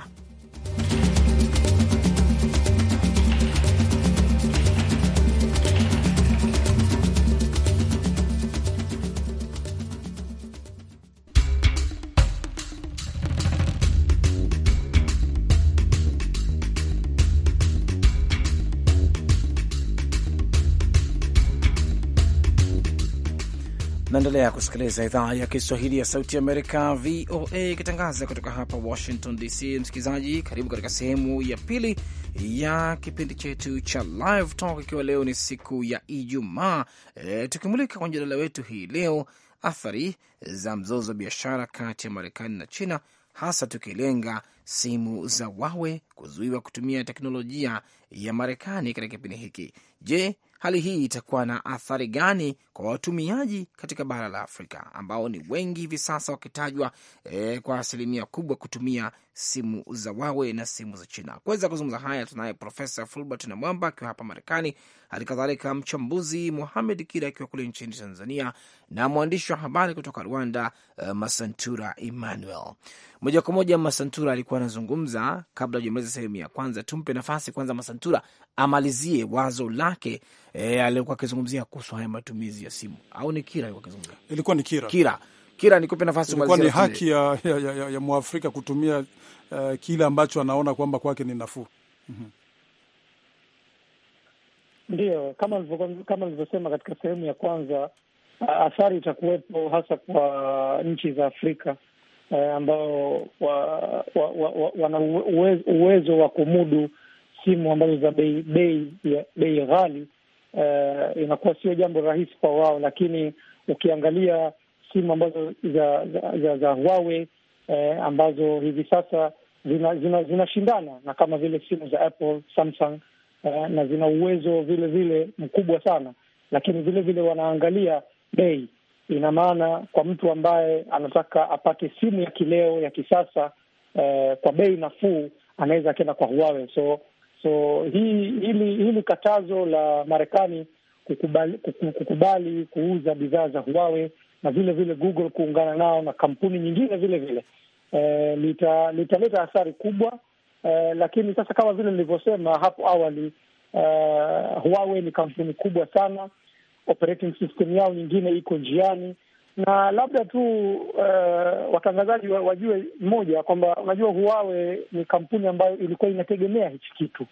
Naendelea kusikiliza idhaa ya Kiswahili ya Sauti Amerika, VOA, ikitangaza kutoka hapa Washington DC. Msikilizaji, karibu katika sehemu ya pili ya kipindi chetu cha Live Talk, ikiwa leo ni siku ya Ijumaa e, tukimulika kwenye mjadala wetu hii leo athari za mzozo wa biashara kati ya Marekani na China, hasa tukilenga simu za wawe kuzuiwa kutumia teknolojia ya Marekani katika kipindi hiki. Je, hali hii itakuwa na athari gani kwa watumiaji katika bara la Afrika ambao ni wengi hivi sasa wakitajwa e, kwa asilimia kubwa kutumia simu za wawe na simu za China. Kuweza kuzungumza haya tunaye Profesa Fulbert na Mwamba akiwa hapa Marekani, hali kadhalika mchambuzi Muhamed Kira akiwa kule nchini Tanzania na mwandishi wa habari kutoka Rwanda uh, Masantura Emmanuel. Moja kwa moja, Masantura alikuwa anazungumza kabla hujamaliza sehemu ya kwanza. Tumpe nafasi kwanza Masantura amalizie wazo lake e, eh, aliokuwa akizungumzia kuhusu haya matumizi ya simu, au ni Kira yuko kizungu? Ilikuwa ni Kira. Kira, Kira, nikupe nafasi umalizie. ni haki ya, ya, ya, ya, ya Mwafrika kutumia uh, eh, kile ambacho anaona kwamba kwake ni nafuu. mm -hmm. Ndiyo, kama kama nilivyosema katika sehemu ya kwanza, athari itakuwepo hasa kwa nchi za Afrika eh, ambao wana wa, wa, wa, uwezo, uwezo wa kumudu simu ambazo za bei bei bei ghali uh, inakuwa sio jambo rahisi kwa wao, lakini ukiangalia simu ambazo za za, za, za Huawei eh, ambazo hivi sasa zinashindana zina, zina na kama vile simu za Apple, Samsung eh, na zina uwezo vile vile mkubwa sana, lakini vile vile wanaangalia bei. Ina maana kwa mtu ambaye anataka apate simu ya kileo ya kisasa eh, kwa bei nafuu, anaweza akenda kwa Huawei. So So hii hili hili katazo la Marekani kukubali, kukubali kuuza bidhaa za Huawei na vile vile Google kuungana nao na kampuni nyingine vile vile e, litaleta lita athari kubwa e, lakini sasa kama vile nilivyosema hapo awali e, Huawei ni kampuni kubwa sana, operating system yao nyingine iko njiani na labda tu uh, watangazaji wajue mmoja kwamba unajua, Huawe ni kampuni ambayo ilikuwa inategemea hichi kitu,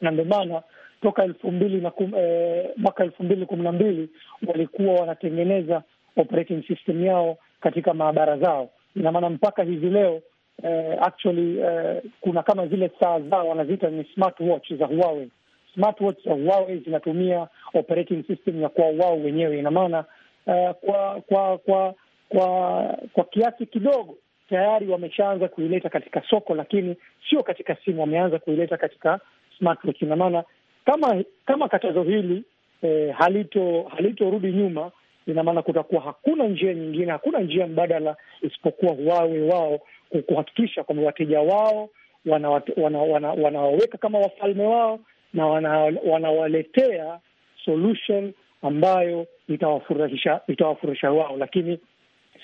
na ndio maana toka elfu mbili na kum, eh, mwaka elfu mbili kumi na mbili walikuwa wanatengeneza operating system yao katika maabara zao. Ina maana mpaka hivi leo eh, actually eh, kuna kama zile saa zao wanaziita ni smartwatch za Huawei. Smartwatch za Huawei zinatumia operating system ya kwa wao wenyewe, ina maana uh, kwa kwa kwa kwa kwa kiasi kidogo tayari wameshaanza kuileta katika soko, lakini sio katika simu, wameanza kuileta katika smartwatch. Ina maana kama kama katazo hili eh, halito halitorudi nyuma, ina maana kutakuwa hakuna njia nyingine, hakuna njia mbadala isipokuwa wawe wao kuhakikisha kwamba wateja wao wanawaweka wana, wana, wana kama wafalme wao na wanawaletea wana solution ambayo itawafurahisha itawafurahisha wao, lakini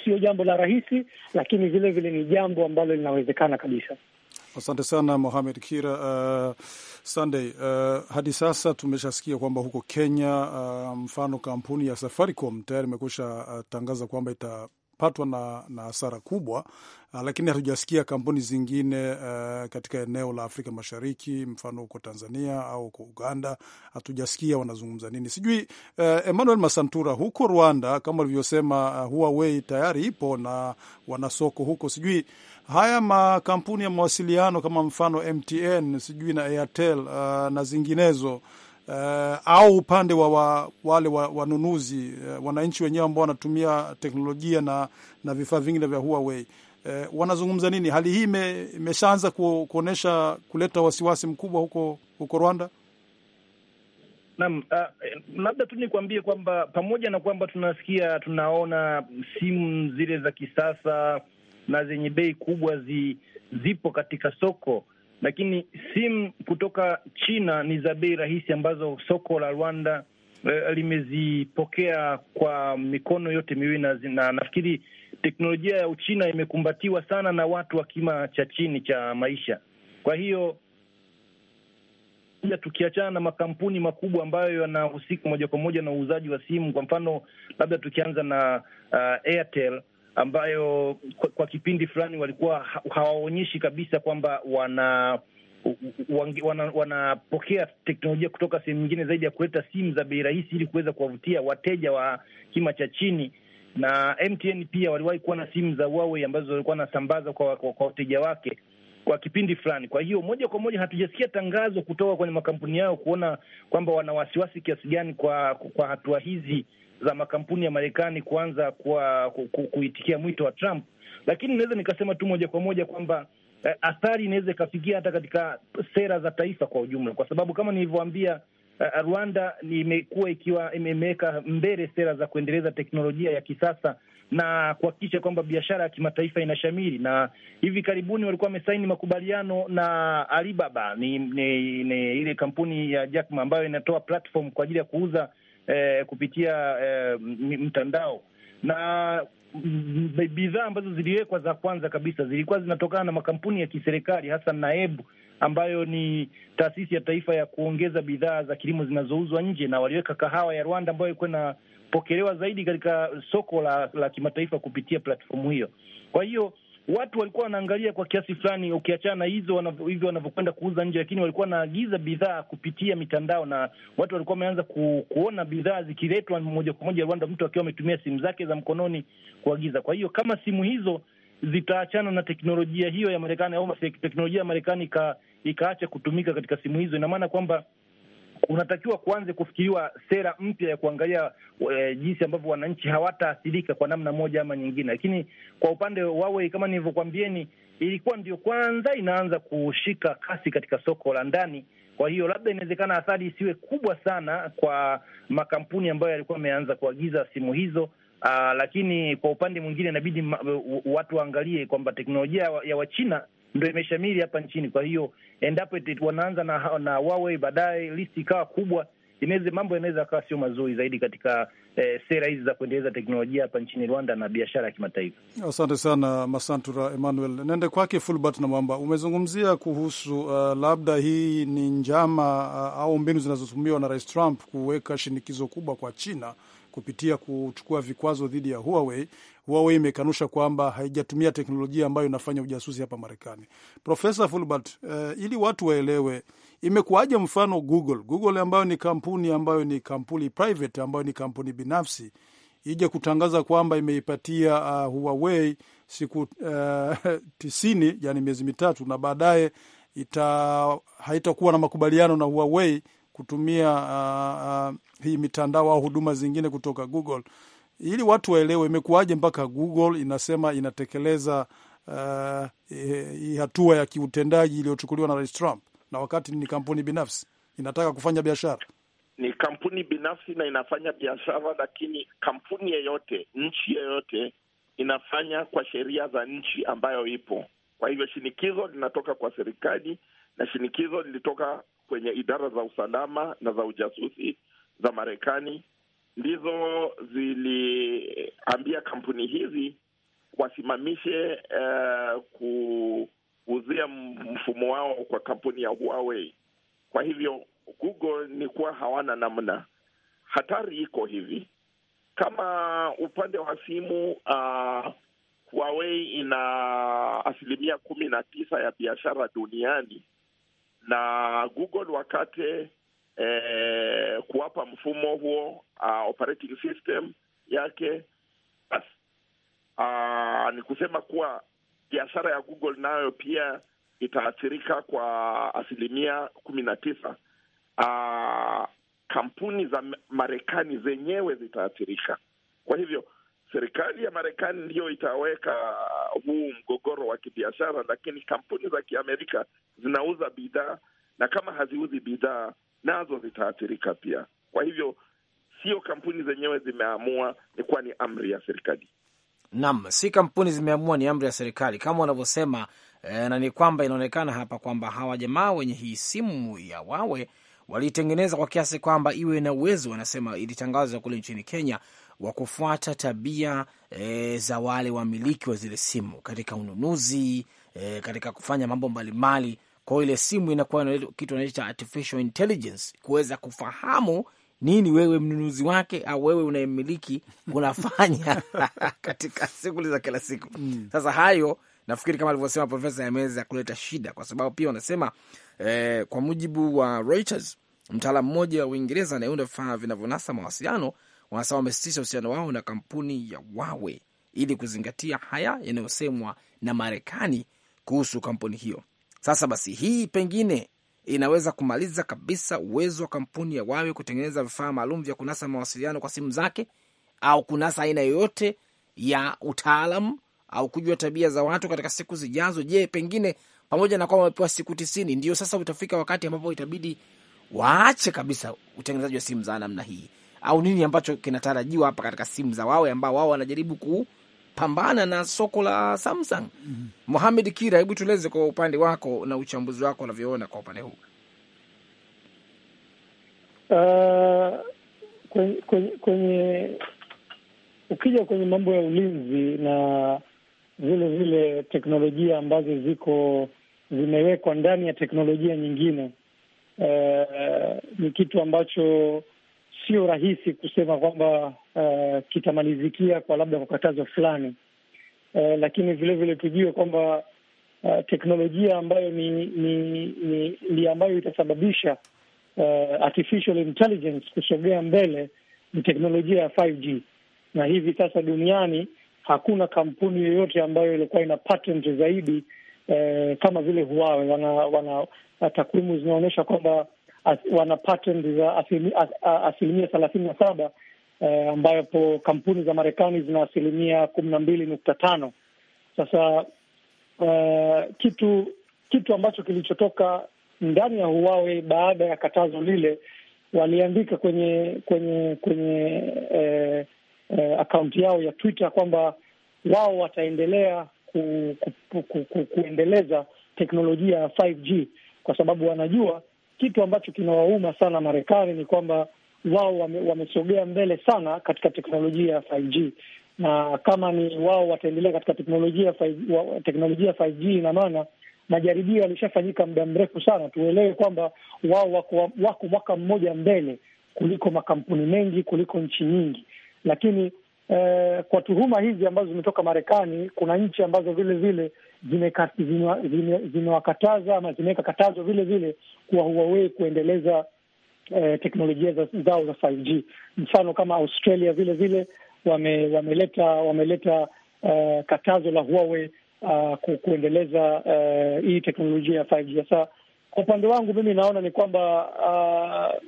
sio jambo la rahisi, lakini vile vile ni jambo ambalo linawezekana kabisa. Asante sana Mohamed Kira. Uh, Sunday, uh, hadi sasa tumeshasikia kwamba huko Kenya, uh, mfano kampuni ya Safaricom tayari imekusha uh, tangaza kwamba ita zimepatwa na, na hasara kubwa uh, lakini hatujasikia kampuni zingine uh, katika eneo la Afrika Mashariki, mfano huko Tanzania au huko Uganda, hatujasikia wanazungumza nini. Sijui uh, Emmanuel Masantura, huko Rwanda kama walivyosema uh, Huawei tayari ipo na wanasoko huko. Sijui haya makampuni ya mawasiliano kama mfano MTN, sijui na Airtel uh, na zinginezo uh, au upande wa, wa wale wa, wanunuzi uh, wananchi wenyewe ambao wanatumia teknolojia na, na vifaa vingine vya Huawei uh, wanazungumza nini? Hali hii imeshaanza ku, kuonyesha kuleta wasiwasi mkubwa huko, huko Rwanda. Naam, labda tu nikwambie kwamba pamoja na kwamba tunasikia tunaona simu zile za kisasa na zenye bei kubwa zi, zipo katika soko lakini simu kutoka China ni za bei rahisi ambazo soko la Rwanda eh, limezipokea kwa mikono yote miwili, na nafikiri teknolojia ya Uchina imekumbatiwa sana na watu wa kima cha chini cha maisha. Kwa hiyo tukiachana na makampuni makubwa ambayo yanahusika moja kwa moja na uuzaji wa simu, kwa mfano labda tukianza na uh, Airtel ambayo kwa, kwa kipindi fulani walikuwa hawaonyeshi kabisa kwamba wana wanapokea wana, wana teknolojia kutoka sehemu nyingine zaidi ya kuleta simu za bei rahisi ili kuweza kuwavutia wateja wa kima cha chini. Na MTN pia waliwahi kuwa na simu za Huawei ambazo walikuwa wanasambaza kwa wateja wake kwa kipindi fulani. Kwa hiyo moja kwa moja hatujasikia tangazo kutoka kwenye makampuni yao kuona kwamba wana wasiwasi kiasi gani kwa, kwa hatua hizi za makampuni ya Marekani kuanza kwa ku, ku, kuitikia mwito wa Trump, lakini inaweza nikasema tu moja kwa moja kwamba eh, athari inaweza ikafikia hata katika sera za taifa kwa ujumla, kwa sababu kama nilivyoambia eh, Rwanda imekuwa ikiwa imeweka mbele sera za kuendeleza teknolojia ya kisasa na kuhakikisha kwamba biashara ya kimataifa inashamiri, na hivi karibuni walikuwa wamesaini makubaliano na Alibaba, ni, ni, ni ile kampuni ya Jack Ma ambayo inatoa platform kwa ajili ya kuuza eh, kupitia eh, mtandao na bidhaa ambazo ziliwekwa za kwanza kabisa zilikuwa zinatokana na makampuni ya kiserikali hasa Naebu, ambayo ni taasisi ya taifa ya kuongeza bidhaa za kilimo zinazouzwa nje, na waliweka kahawa ya Rwanda ambayo ilikuwa inapokelewa zaidi katika soko la, la kimataifa kupitia platformu hiyo. Kwa hiyo watu walikuwa wanaangalia kwa kiasi fulani, ukiachana na hizo hivyo wanavyokwenda kuuza nje, lakini walikuwa wanaagiza bidhaa kupitia mitandao, na watu walikuwa wameanza ku, kuona bidhaa zikiletwa moja kwa moja Rwanda, mtu akiwa ametumia simu zake za mkononi kuagiza. Kwa hiyo kama simu hizo zitaachana na teknolojia hiyo ya Marekani au teknolojia ya Marekani ikaacha kutumika katika simu hizo, ina maana kwamba kunatakiwa kuanze kufikiriwa sera mpya ya kuangalia e, jinsi ambavyo wananchi hawataathirika kwa namna moja ama nyingine. Lakini kwa upande wa Huawei, kama nilivyokwambieni, ilikuwa ndio kwanza inaanza kushika kasi katika soko la ndani. Kwa hiyo labda inawezekana athari isiwe kubwa sana kwa makampuni ambayo yalikuwa yameanza kuagiza simu hizo. Aa, ah, lakini kwa upande mwingine inabidi watu waangalie kwamba teknolojia ya Wachina ndo imeshamiri hapa nchini. Kwa hiyo endapo wanaanza na, na Huawei, baadaye listi ikawa kubwa, Ineze, mambo yanaweza akawa sio mazuri zaidi katika eh, sera hizi za kuendeleza teknolojia hapa nchini Rwanda na biashara ya kimataifa. Asante sana Masantura Emmanuel. Nende kwake Fulbert na Mwamba, umezungumzia kuhusu uh, labda hii ni njama uh, au mbinu zinazotumiwa na Rais Trump kuweka shinikizo kubwa kwa China kupitia kuchukua vikwazo dhidi ya Huawei. Huawei imekanusha kwamba haijatumia teknolojia ambayo inafanya ujasusi hapa Marekani. Profesa Fulbert, uh, ili watu waelewe imekuwaje, mfano Google, Google ambayo ni kampuni ambayo ni kampuni private ambayo ni kampuni binafsi ije kutangaza kwamba imeipatia uh, Huawei siku uh, tisini, yani miezi mitatu, na baadaye ita haitakuwa na makubaliano na Huawei kutumia uh, uh, hii mitandao au huduma zingine kutoka Google ili watu waelewe imekuwaje mpaka Google inasema inatekeleza uh, hii hatua ya kiutendaji iliyochukuliwa na Rais Trump, na wakati ni kampuni binafsi inataka kufanya biashara ni kampuni binafsi na inafanya biashara, lakini kampuni yeyote, nchi yeyote inafanya kwa sheria za nchi ambayo ipo. Kwa hivyo shinikizo linatoka kwa serikali na shinikizo lilitoka kwenye idara za usalama na za ujasusi za Marekani ndizo ziliambia kampuni hizi wasimamishe uh, kuuzia mfumo wao kwa kampuni ya Huawei. Kwa hivyo Google ni kuwa hawana namna. Hatari iko hivi, kama upande wa simu uh, Huawei ina asilimia kumi na tisa ya biashara duniani na Google wakate eh, kuwapa mfumo huo uh, operating system yake. bas. uh, ah, ni kusema kuwa biashara ya Google nayo pia itaathirika kwa asilimia kumi na tisa. Uh, kampuni za Marekani zenyewe zitaathirika. Kwa hivyo serikali ya Marekani ndiyo itaweka huu mgogoro wa kibiashara, lakini kampuni za Kiamerika zinauza bidhaa na kama haziuzi bidhaa nazo zitaathirika pia. Kwa hivyo sio kampuni zenyewe zimeamua, ni kuwa ni amri ya serikali. Naam, si kampuni zimeamua, ni amri ya serikali kama wanavyosema eh, na ni kwamba inaonekana hapa kwamba hawa jamaa wenye hii simu ya Wawe walitengeneza kwa kiasi kwamba iwe na uwezo, wanasema ilitangazwa kule nchini Kenya, wa kufuata tabia e, za wale wamiliki wa zile simu katika ununuzi e, katika kufanya mambo mbalimbali kwa ile simu inakuwa na kitu anaita artificial intelligence kuweza kufahamu nini wewe mnunuzi wake au wewe unayemiliki unafanya katika shughuli za kila siku mm. Sasa hayo nafikiri kama alivyosema profesa, yameweza kuleta shida, kwa sababu pia wanasema eh, kwa mujibu wa Reuters, mtaalam mmoja wa Uingereza anayeunda vifaa vinavyonasa mawasiliano, wanasema wamesitisha uhusiano wao na kampuni ya Huawei ili kuzingatia haya yanayosemwa na Marekani kuhusu kampuni hiyo. Sasa basi, hii pengine inaweza kumaliza kabisa uwezo wa kampuni ya Huawei kutengeneza vifaa maalum vya kunasa mawasiliano kwa simu zake au kunasa aina yoyote ya utaalam au kujua tabia za watu katika siku zijazo. Je, pengine pamoja na kwamba wamepewa siku tisini, ndio sasa utafika wakati ambapo itabidi waache kabisa utengenezaji wa simu za namna hii, au nini ambacho kinatarajiwa hapa katika simu za wawe ambao wao wanajaribu ku pambana na soko la Samsung. Mohamed mm -hmm. Kira, hebu tueleze kwa upande wako na uchambuzi wako unavyoona kwa upande huu. Uh, kwenye, kwenye, kwenye ukija kwenye mambo ya ulinzi na vile vile teknolojia ambazo ziko zimewekwa ndani ya teknolojia nyingine, uh, ni kitu ambacho sio rahisi kusema kwamba uh, eh, kitamalizikia kwa labda kwa katazo fulani uh, lakini vilevile tujue kwamba uh, teknolojia ambayo ni ni, ni, ni ambayo itasababisha uh, artificial intelligence kusogea mbele ni teknolojia ya 5G na hivi sasa duniani hakuna kampuni yoyote ambayo ilikuwa ina patent zaidi uh, kama vile Huawei wana, wana takwimu zinaonyesha kwamba wana patent za asilimia asilimia thelathini na saba eh, ambapo kampuni za Marekani zina asilimia kumi na mbili nukta tano. Sasa eh, kitu kitu ambacho kilichotoka ndani ya Huawei baada ya katazo lile waliandika kwenye kwenye kwenye eh, eh, akaunti yao ya Twitter kwamba wao wataendelea ku, ku, ku, ku, ku, kuendeleza teknolojia ya 5G kwa sababu wanajua kitu ambacho kinawauma sana Marekani ni kwamba wao wame, wamesogea mbele sana katika teknolojia ya 5G na kama ni wao wataendelea katika teknolojia 5, wa, teknolojia 5G ina maana majaribio yalishafanyika muda mrefu sana. Tuelewe kwamba wao wako, wako mwaka mmoja mbele kuliko makampuni mengi kuliko nchi nyingi, lakini eh, kwa tuhuma hizi ambazo zimetoka Marekani, kuna nchi ambazo vile vile zimewakataza ama zimeweka katazo vile vile kuwa Huawei kuendeleza eh, teknolojia za, zao za 5G. Mfano kama Australia vile vile wame, wameleta wameleta uh, katazo la Huawei uh, kuendeleza uh, hii teknolojia ya 5G. Sasa kwa upande wangu mimi naona ni kwamba uh,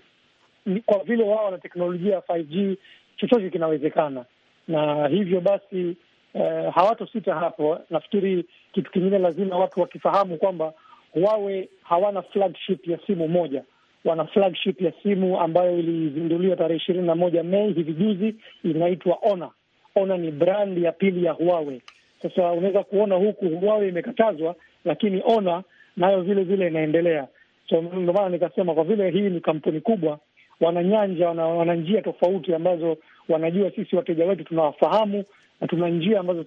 kwa vile wao wana teknolojia ya 5G chochote kinawezekana, na hivyo basi eh, hawatosita hapo. Nafikiri kitu kingine lazima watu wakifahamu kwamba wawe hawana flagship ya simu moja, wana flagship ya simu ambayo ilizinduliwa tarehe ishirini na moja Mei hivi juzi, inaitwa Honor. Honor ni brand ya pili ya Huawei. Sasa unaweza kuona huku Huawei imekatazwa, lakini Honor nayo vile vile inaendelea. So ndio maana nikasema kwa vile hii ni kampuni kubwa, wana nyanja, wana, wana njia tofauti ambazo wanajua sisi wateja wetu tunawafahamu na tuna njia ambazo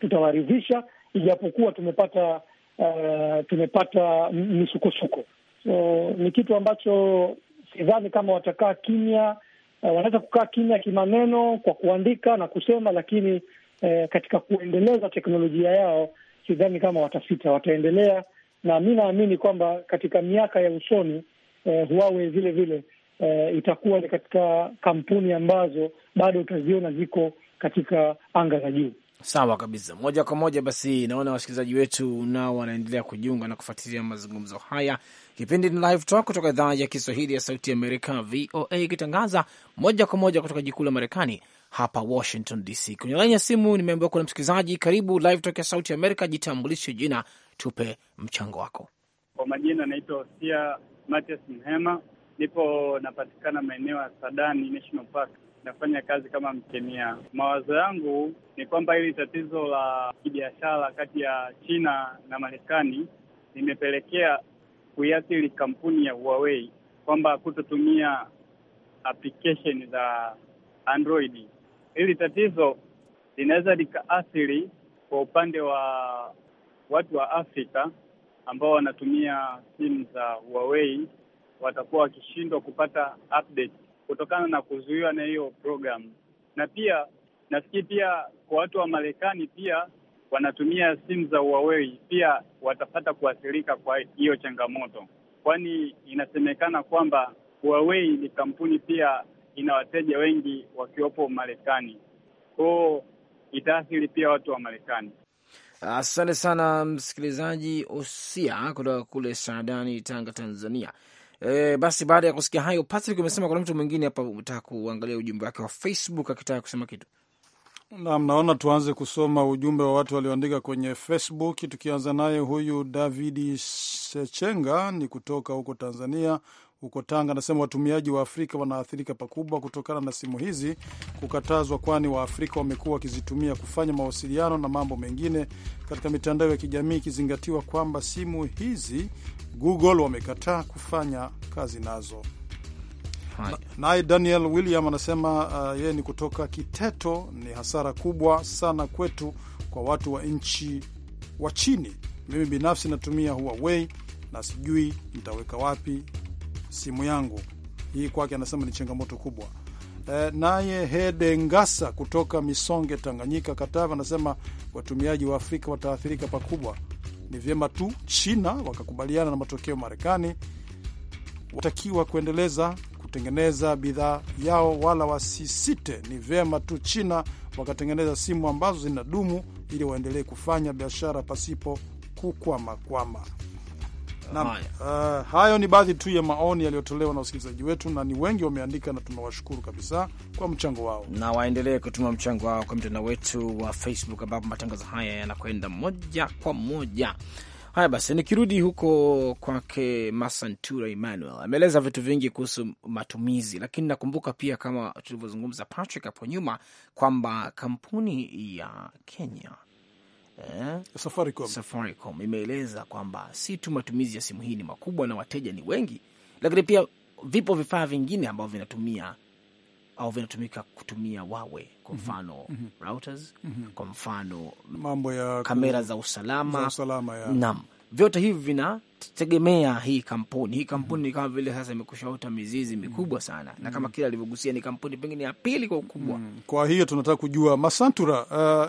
tutawaridhisha, ijapokuwa tumepata uh, tumepata misukosuko. So ni kitu ambacho sidhani kama watakaa kimya. Uh, wanaweza kukaa kimya kimaneno kwa kuandika na kusema, lakini uh, katika kuendeleza teknolojia yao sidhani kama watasita, wataendelea na mi naamini kwamba katika miaka ya usoni uh, Huawei vile vile eh, itakuwa ni katika kampuni ambazo bado utaziona ziko katika anga za juu. Sawa kabisa, moja kwa moja. Basi naona wasikilizaji wetu nao wanaendelea kujiunga na kufuatilia mazungumzo haya. Kipindi ni Live Talk kutoka idhaa ya Kiswahili ya Sauti Amerika, VOA, ikitangaza moja kwa moja kutoka jikuu la Marekani hapa Washington DC. Kwenye laini ya simu nimeambiwa kuna msikilizaji. Karibu Live Talk ya Sauti Amerika, jitambulishe jina, tupe mchango wako. Kwa majina anaitwa Hosia Matias Mhema, nipo napatikana maeneo ya Sadani National Park, nafanya kazi kama mkemia. Mawazo yangu ni kwamba hili tatizo la kibiashara kati ya China na Marekani limepelekea kuiathiri kampuni ya Huawei kwamba kutotumia application za Android. Hili tatizo linaweza likaathiri kwa upande wa watu wa Afrika ambao wanatumia simu za Huawei watakuwa wakishindwa kupata update kutokana na kuzuiwa na hiyo program. Na pia nafikiri pia kwa watu wa Marekani pia wanatumia simu za Huawei pia watapata kuathirika kwa hiyo changamoto, kwani inasemekana kwamba Huawei ni kampuni pia ina wateja wengi wakiwepo Marekani, koo itaathiri pia watu wa Marekani. Asante sana msikilizaji Osia kutoka kule Saadani, Tanga, Tanzania. E, basi baada ya kusikia hayo, Patrick umesema kuna mtu mwingine hapa unataka kuangalia ujumbe wake wa Facebook akitaka kusema kitu. Naam, naona tuanze kusoma ujumbe wa watu walioandika kwenye Facebook, tukianza naye huyu David Sechenga, ni kutoka huko Tanzania, huko Tanga. Anasema watumiaji wa Afrika wanaathirika pakubwa kutokana na simu hizi kukatazwa, kwani Waafrika wamekuwa wakizitumia kufanya mawasiliano na mambo mengine katika mitandao ya kijamii, ikizingatiwa kwamba simu hizi Google wamekataa kufanya kazi nazo. Naye na Daniel William anasema uh, yeye ni kutoka Kiteto. Ni hasara kubwa sana kwetu kwa watu wa nchi wa chini. Mimi binafsi natumia Huawei na sijui nitaweka wapi simu yangu hii. Kwake anasema ni changamoto kubwa. E, naye Hede Ngasa kutoka Misonge, Tanganyika, Katavi anasema watumiaji wa Afrika wataathirika pakubwa ni vyema tu China wakakubaliana na matokeo. Marekani watakiwa kuendeleza kutengeneza bidhaa yao, wala wasisite. Ni vyema tu China wakatengeneza simu ambazo zinadumu, ili waendelee kufanya biashara pasipo kukwamakwama na, uh, eh, hayo ni baadhi tu ya maoni yaliyotolewa na wasikilizaji wetu, na ni wengi wameandika, na tunawashukuru kabisa kwa mchango wao, na waendelee kutuma mchango wao kwa mtandao wetu wa Facebook ambapo matangazo haya yanakwenda moja kwa moja. Haya basi, nikirudi huko kwake Masantura Emmanuel ameeleza vitu vingi kuhusu matumizi, lakini nakumbuka pia kama tulivyozungumza Patrick hapo nyuma kwamba kampuni ya Kenya eh, Safaricom, Safaricom imeeleza kwamba si tu matumizi ya simu hii ni makubwa na wateja ni wengi, lakini pia vipo vifaa vingine ambavyo vinatumia au vinatumika kutumia wawe, kwa mhm. mfano mm -hmm. routers mm -hmm. kwa mfano mambo ya kamera za usalama, za usalama ya. Naam vyote hivi vinategemea hii kampuni. Hii kampuni ni kama vile sasa imekushaota mizizi mikubwa sana, na kama mm. kila alivyogusia ni kampuni pengine ya pili kwa ukubwa. Mm. Kwa hiyo tunataka kujua Masantura,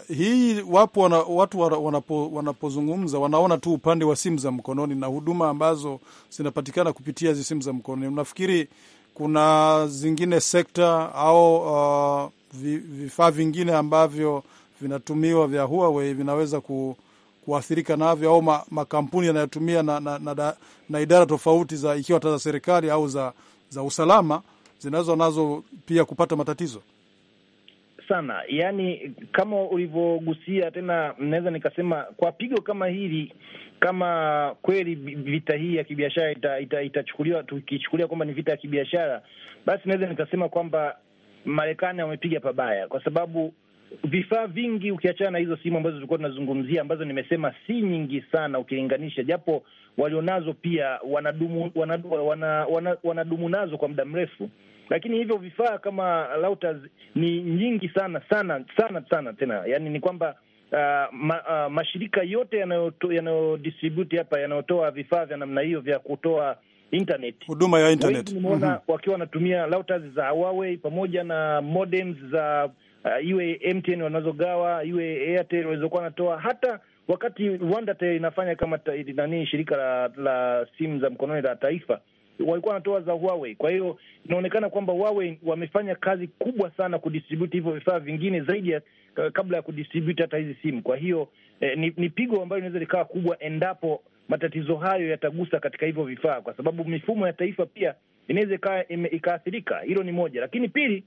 uh, hii wapo wana, watu wanapo, wanapozungumza wanaona tu upande wa simu za mkononi na huduma ambazo zinapatikana kupitia hizi simu za mkononi. Unafikiri kuna zingine sekta au uh, vifaa vingine ambavyo vinatumiwa vya Huawei vinaweza ku kuathirika navyo, au ma, makampuni yanayotumia na, na, na, na idara tofauti za ikiwa hata za serikali au za, za usalama zinaweza nazo pia kupata matatizo sana yaani, kama ulivyogusia tena, naweza nikasema kwa pigo kama hili, kama kweli vita hii ya kibiashara itachukuliwa ita, ita tukichukulia kwamba ni vita ya kibiashara, basi naweza nikasema kwamba Marekani wamepiga pabaya, kwa sababu vifaa vingi, ukiachana na hizo simu ambazo tulikuwa tunazungumzia, ambazo nimesema si nyingi sana ukilinganisha, japo walionazo pia wanadumu, wanadu, wana, wana, wanadumu nazo kwa muda mrefu lakini hivyo vifaa kama routers ni nyingi sana sana sana sana tena, yani ni kwamba uh, ma, uh, mashirika yote yanayodistribute hapa yanayotoa vifaa vya namna hiyo vya kutoa internet, huduma ya internet, nimeona mm -hmm. wakiwa wanatumia routers za Huawei pamoja na modems za uh, iwe MTN wanazogawa, iwe Airtel walizokuwa wanatoa, hata wakati tayari inafanya kama nani shirika la, la simu za mkononi la taifa walikuwa wanatoa za Huawei. Kwa hiyo inaonekana kwamba Huawei wamefanya kazi kubwa sana kudistribute hivyo vifaa vingine zaidi ya uh, kabla ya kudistribute hata hizi simu. Kwa hiyo eh, ni, ni pigo ambayo inaweza likawa kubwa endapo matatizo hayo yatagusa katika hivyo vifaa, kwa sababu mifumo ya taifa pia inaweza ikaathirika. Hilo ni moja, lakini pili,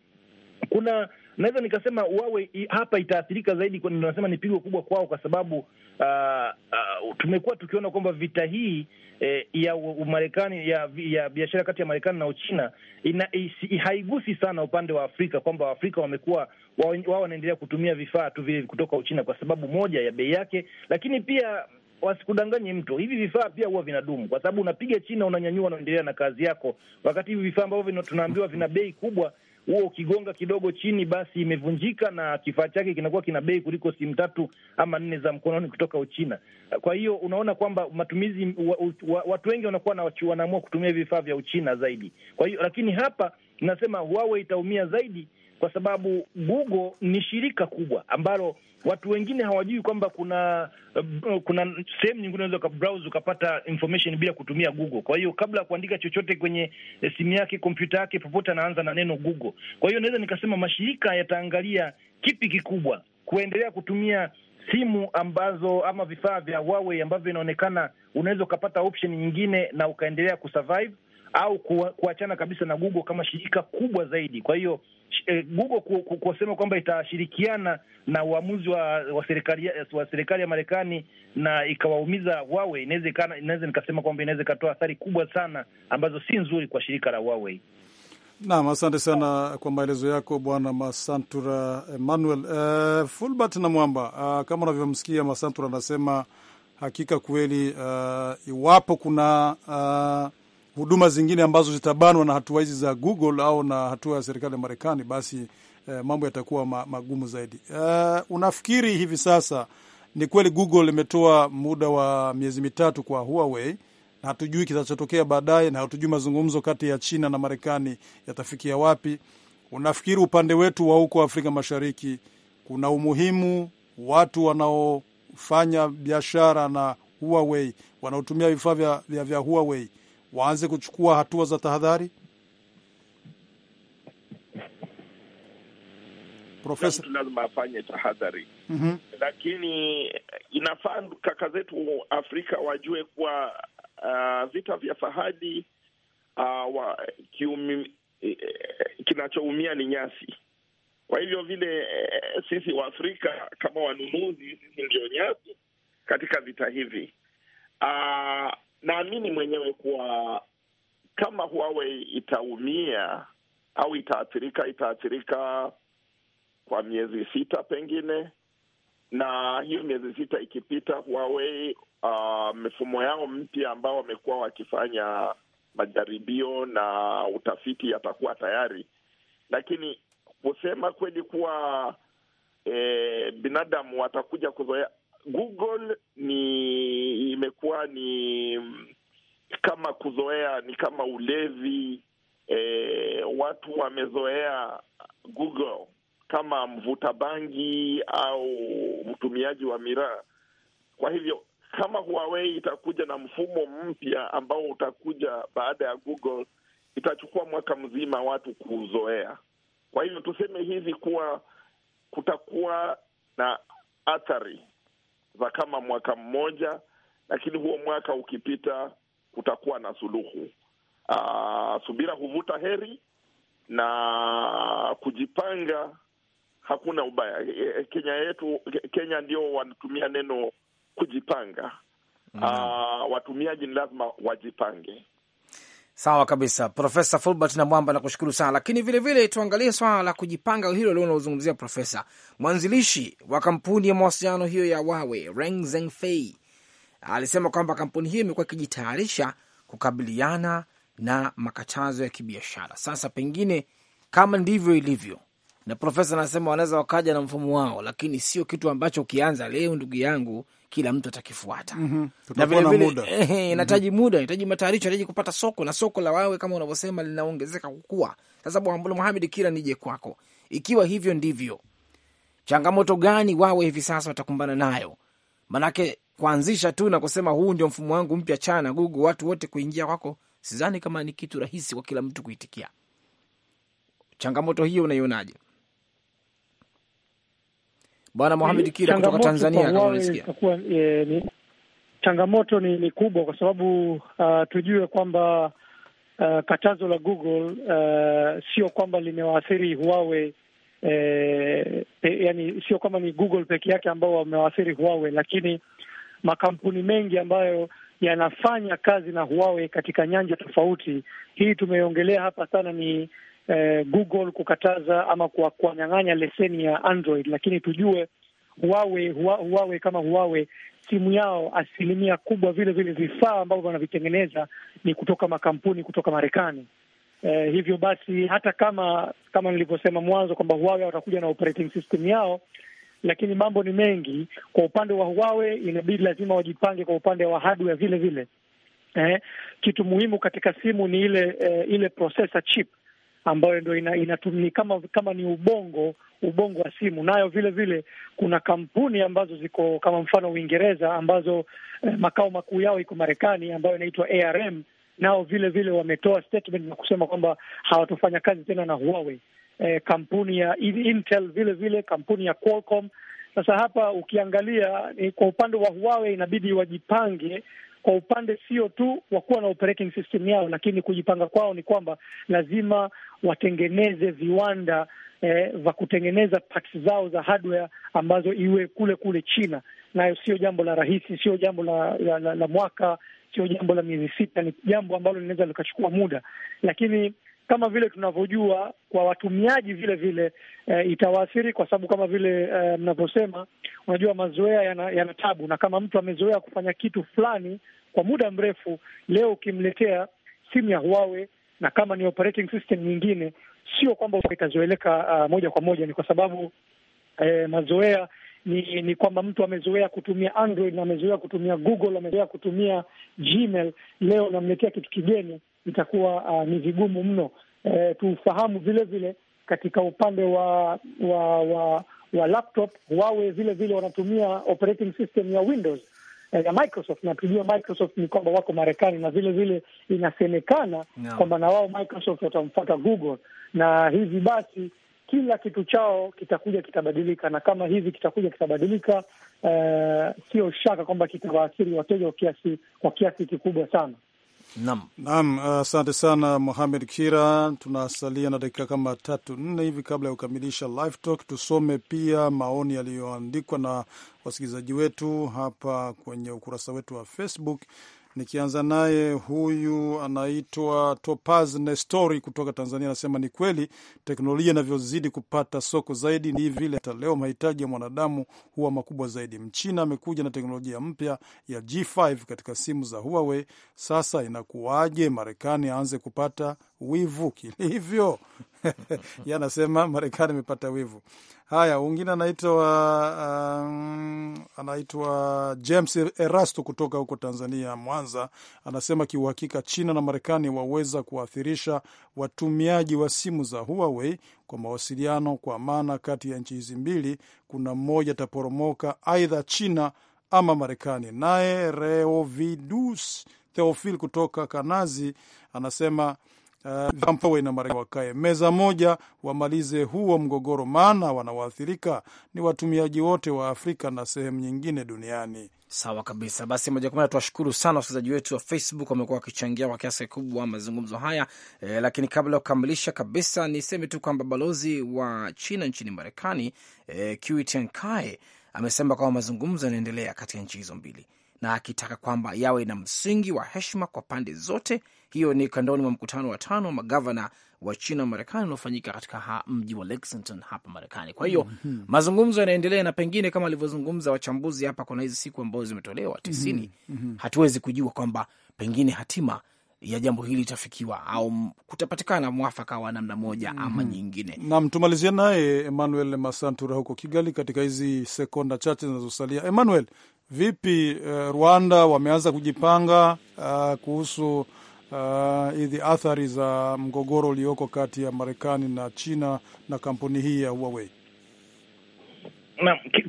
kuna naweza nikasema wawe hapa itaathirika zaidi, nasema ni pigo kubwa kwao, kwa sababu uh, uh, tumekuwa tukiona kwamba vita hii eh, ya Umarekani ya, ya biashara kati ya Marekani na Uchina ina, isi, haigusi sana upande wa Afrika, kwamba Waafrika wamekuwa wao wanaendelea kutumia vifaa tu vile kutoka Uchina kwa sababu moja ya bei yake, lakini pia wasikudanganye mtu, hivi vifaa pia huwa vinadumu, kwa sababu unapiga China, unanyanyua, unaendelea na kazi yako, wakati hivi vifaa ambavyo tunaambiwa vina bei kubwa huo ukigonga kidogo chini, basi imevunjika na kifaa chake kinakuwa kina bei kuliko simu tatu ama nne za mkononi kutoka Uchina. Kwa hiyo unaona kwamba matumizi wa, wa, watu wengi wanakuwa na wanaamua kutumia vifaa vya Uchina zaidi. Kwa hiyo lakini hapa nasema Huawei itaumia zaidi kwa sababu Google ni shirika kubwa ambalo watu wengine hawajui kwamba kuna uh, kuna sehemu nyingine unaweza ukabrowse ukapata information bila kutumia Google. Kwa hiyo kabla ya kuandika chochote kwenye eh, simu yake, kompyuta yake, popote anaanza na neno Google. Kwa hiyo naweza nikasema mashirika yataangalia kipi kikubwa, kuendelea kutumia simu ambazo ama vifaa vya Huawei ambavyo inaonekana unaweza ukapata option nyingine na ukaendelea kusurvive au kuachana kabisa na Google kama shirika kubwa zaidi. Kwa hiyo eh, Google kusema kwamba itashirikiana na uamuzi wa wa serikali wa serikali ya Marekani na ikawaumiza Huawei, inaweza nikasema kwamba inaweza ikatoa athari kubwa sana ambazo si nzuri kwa shirika la Huawei. Naam, asante sana kwa maelezo yako Bwana Masantura Emmanuel. Uh, Fulbert na Mwamba, uh, ah, kama unavyomsikia Masantura anasema hakika kweli, uh, iwapo kuna uh, huduma zingine ambazo zitabanwa na hatua hizi za Google au na hatua ya serikali ya Marekani, basi eh, mambo yatakuwa ma, magumu zaidi. Uh, unafikiri hivi sasa ni kweli Google imetoa muda wa miezi mitatu kwa Huawei na hatujui kitachotokea baadaye, na hatujui mazungumzo kati ya China na Marekani yatafikia wapi. Unafikiri upande wetu wa huko Afrika Mashariki kuna umuhimu watu wanaofanya biashara na Huawei wanaotumia vifaa vya, vya, vya Huawei waanze kuchukua hatua za tahadhari? Profesa, lazima afanye tahadhari. mm -hmm. Lakini eh, inafaa kaka zetu Afrika wajue kuwa uh, vita vya fahadi uh, wa, kiumi, eh, eh, kinachoumia ni nyasi. Kwa hivyo vile eh, sisi Waafrika kama wanunuzi, sisi ndio nyasi katika vita hivi. Uh, naamini mwenyewe kuwa kama Huawei itaumia au itaathirika, itaathirika kwa miezi sita pengine, na hiyo miezi sita ikipita, Huawei uh, mifumo yao mpya ambao wamekuwa wakifanya majaribio na utafiti yatakuwa tayari, lakini kusema kweli kuwa e, binadamu watakuja kuzoea Google ni imekuwa ni kama kuzoea, ni kama ulevi e, watu wamezoea Google kama mvuta bangi au mtumiaji wa miraa. Kwa hivyo kama Huawei itakuja na mfumo mpya ambao utakuja baada ya Google, itachukua mwaka mzima watu kuzoea. Kwa hivyo tuseme hivi kuwa kutakuwa na athari za kama mwaka mmoja, lakini huo mwaka ukipita kutakuwa na suluhu. Aa, ah, subira huvuta heri na kujipanga hakuna ubaya. E, e, e, Kenya yetu, Kenya ndio wanatumia neno kujipanga. Mm. Mm-hmm. Aa, ah, watumiaji ni lazima wajipange. Sawa kabisa, Profesa Fulbert na Mwamba, nakushukuru sana, lakini vilevile tuangalie swala la kujipanga hilo lio unaozungumzia Profesa. Mwanzilishi wa kampuni ya mawasiliano hiyo ya Huawei, Reng Zhengfei, alisema kwamba kampuni hiyo imekuwa ikijitayarisha kukabiliana na makatazo ya kibiashara. Sasa pengine kama ndivyo ilivyo, na profesa anasema wanaweza wakaja na mfumo wao, lakini sio kitu ambacho ukianza leo, ndugu yangu, kila mtu atakifuata. mm -hmm. na vile vile eh, mhm. inahitaji muda, inahitaji matayarisho, inahitaji kupata soko, na soko la wawe kama unavyosema linaongezeka kukua. Sasa Bwana Muhamed Kira, nije kwako, ikiwa hivyo ndivyo, changamoto gani wawe hivi sasa watakumbana nayo? Manake kuanzisha tu na kusema huu ndio mfumo wangu mpya chana Google, watu wote kuingia kwako, sidhani kama ni kitu rahisi kwa kila mtu kuitikia. Changamoto hiyo unaionaje? Bwana Mohamed Kira kutoka Tanzania, e, ni, Changamoto ni, ni kubwa kwa sababu uh, tujue kwamba uh, katazo la Google uh, sio kwamba limewaathiri Huawei eh, yani sio kwamba ni Google peke yake ambao wamewaathiri Huawei, lakini makampuni mengi ambayo yanafanya kazi na Huawei katika nyanja tofauti. Hii tumeiongelea hapa sana, ni eh, Google kukataza ama kuwanyang'anya leseni ya Android, lakini tujue Huawei, Huawei kama Huawei simu yao asilimia kubwa vile vile vifaa ambavyo wanavitengeneza ni kutoka makampuni kutoka Marekani. Eh, hivyo basi hata kama kama nilivyosema mwanzo kwamba Huawei watakuja na operating system yao, lakini mambo ni mengi kwa upande wa Huawei, inabidi lazima wajipange kwa upande wa hardware vile vile. Eh, kitu muhimu katika simu ni ile eh, ile processor chip ambayo ndo ina, inatumika kama kama ni ubongo ubongo wa simu. Nayo vile vile kuna kampuni ambazo ziko kama mfano Uingereza ambazo eh, makao makuu yao iko Marekani ambayo inaitwa ARM. Nao vile vile wametoa statement na kusema kwamba hawatofanya kazi tena na Huawei. Eh, kampuni ya Intel vile vile, kampuni ya Qualcomm. Sasa hapa ukiangalia eh, kwa upande wa Huawei inabidi wajipange kwa upande sio tu wa kuwa na operating system yao, lakini kujipanga kwao ni kwamba lazima watengeneze viwanda eh, vya kutengeneza parts zao za hardware ambazo iwe kule kule China, nayo sio jambo la rahisi, sio jambo la, la, la, la mwaka, sio jambo la miezi sita, ni jambo ambalo linaweza likachukua muda, lakini kama vile tunavyojua kwa watumiaji vile vile e, itawaathiri kwa sababu kama vile e, mnavyosema, unajua mazoea yana, yana tabu, na kama mtu amezoea kufanya kitu fulani kwa muda mrefu, leo ukimletea simu ya Huawei na kama ni operating system nyingine, sio kwamba itazoeleka uh, moja kwa moja. Ni kwa sababu eh, mazoea ni ni kwamba mtu amezoea kutumia Android na amezoea kutumia Google, amezoea kutumia Gmail, leo unamletea kitu kigeni itakuwa uh, ni vigumu mno. E, tufahamu vile vile katika upande wa wa wa, wa laptop wawe vile vile wanatumia operating system ya Windows eh, ya Microsoft na tujua Microsoft ni kwamba wako Marekani na vile vile inasemekana no. kwamba na wao Microsoft watamfuata Google, na hivi basi kila kitu chao kitakuja kitabadilika, na kama hivi kitakuja kitabadilika, eh, sio uh, shaka kwamba kitawaathiri wateja kwa kiasi kikubwa sana. Naam, naam, asante uh, sana Mohamed Kira. Tunasalia na dakika kama tatu nne hivi kabla ya kukamilisha live talk. Tusome pia maoni yaliyoandikwa na wasikilizaji wetu hapa kwenye ukurasa wetu wa Facebook. Nikianza naye huyu anaitwa Topaz Nestori kutoka Tanzania, anasema ni kweli teknolojia inavyozidi kupata soko zaidi, ni vile hata leo mahitaji ya mwanadamu huwa makubwa zaidi. Mchina amekuja na teknolojia mpya ya G5 katika simu za Huawei. Sasa inakuwaje Marekani aanze kupata wivu kilivyo? yanasema Marekani imepata wivu. Haya, wengine anaitwa um, anaitwa James Erasto kutoka huko Tanzania, Mwanza, anasema kiuhakika, China na Marekani waweza kuathirisha watumiaji wa simu za Huawei kwa mawasiliano, kwa maana kati ya nchi hizi mbili kuna mmoja ataporomoka, aidha China ama Marekani. Naye Reovidus Theofil kutoka Kanazi anasema Zimbabwe uh, na Marekani wakae meza moja, wamalize huo mgogoro, maana wanaoathirika ni watumiaji wote wa Afrika na sehemu nyingine duniani. Sawa kabisa. Basi moja kwa moja tuwashukuru sana wasikilizaji wetu wa Facebook, wamekuwa wakichangia kwa kiasi kikubwa mazungumzo haya e, lakini kabla ya kukamilisha kabisa niseme tu kwamba balozi wa China nchini Marekani e, eh, Kiwi Kai amesema kwamba mazungumzo yanaendelea kati ya nchi hizo mbili na akitaka kwamba yawe na msingi wa heshima kwa pande zote hiyo ni kandoni mwa mkutano wa tano wa magavana wa China Marekani unaofanyika katika mji wa Lexington hapa Marekani. Kwa hiyo mm -hmm. mazungumzo yanaendelea, na pengine kama alivyozungumza wachambuzi hapa, kuna hizi siku ambazo zimetolewa tisini. mm -hmm. hatuwezi kujua kwamba pengine hatima ya jambo hili itafikiwa au kutapatikana mwafaka wa namna moja mhm. ama nyingine. Nam, tumalizia naye Emmanuel Masantura huko Kigali, katika hizi sekonda chache zinazosalia. Emmanuel, vipi uh, Rwanda wameanza kujipanga uh, kuhusu uh, hizi athari za mgogoro ulioko kati ya Marekani na China na kampuni hii ya Huawei?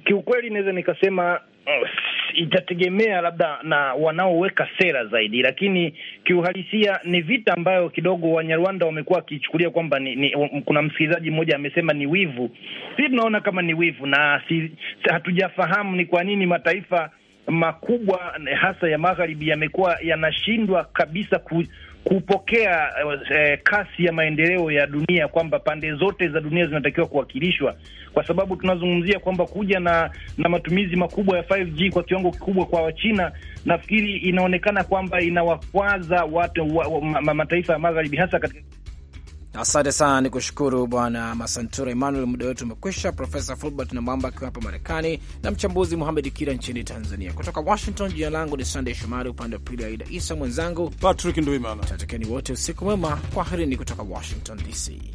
kiukweli ki naweza nikasema uh, itategemea labda na wanaoweka sera zaidi, lakini kiuhalisia ni vita ambayo kidogo Wanyarwanda wamekuwa wakichukulia kwamba ni, ni, um, kuna msikilizaji mmoja amesema ni wivu. si tunaona kama ni wivu na si, hatujafahamu ni kwa nini mataifa makubwa hasa ya magharibi yamekuwa yanashindwa kabisa ku, kupokea eh, kasi ya maendeleo ya dunia, kwamba pande zote za dunia zinatakiwa kuwakilishwa, kwa sababu tunazungumzia kwamba kuja na na matumizi makubwa ya 5G kwa kiwango kikubwa kwa Wachina, nafikiri inaonekana kwamba inawakwaza watu wa, wa, ma, mataifa ya magharibi hasa katika Asante sana, ni kushukuru Bwana Masantura Emmanuel. Muda wetu umekwisha. Profesa Fulbert na Mwamba akiwa hapa Marekani na mchambuzi Muhamed Kira nchini Tanzania. Kutoka Washington, jina langu ni Sandey Shomari, upande wa pili Aida Isa, mwenzangu Patrick Nduimana. Tatekeni wote usiku mwema, kwaherini kutoka Washington DC.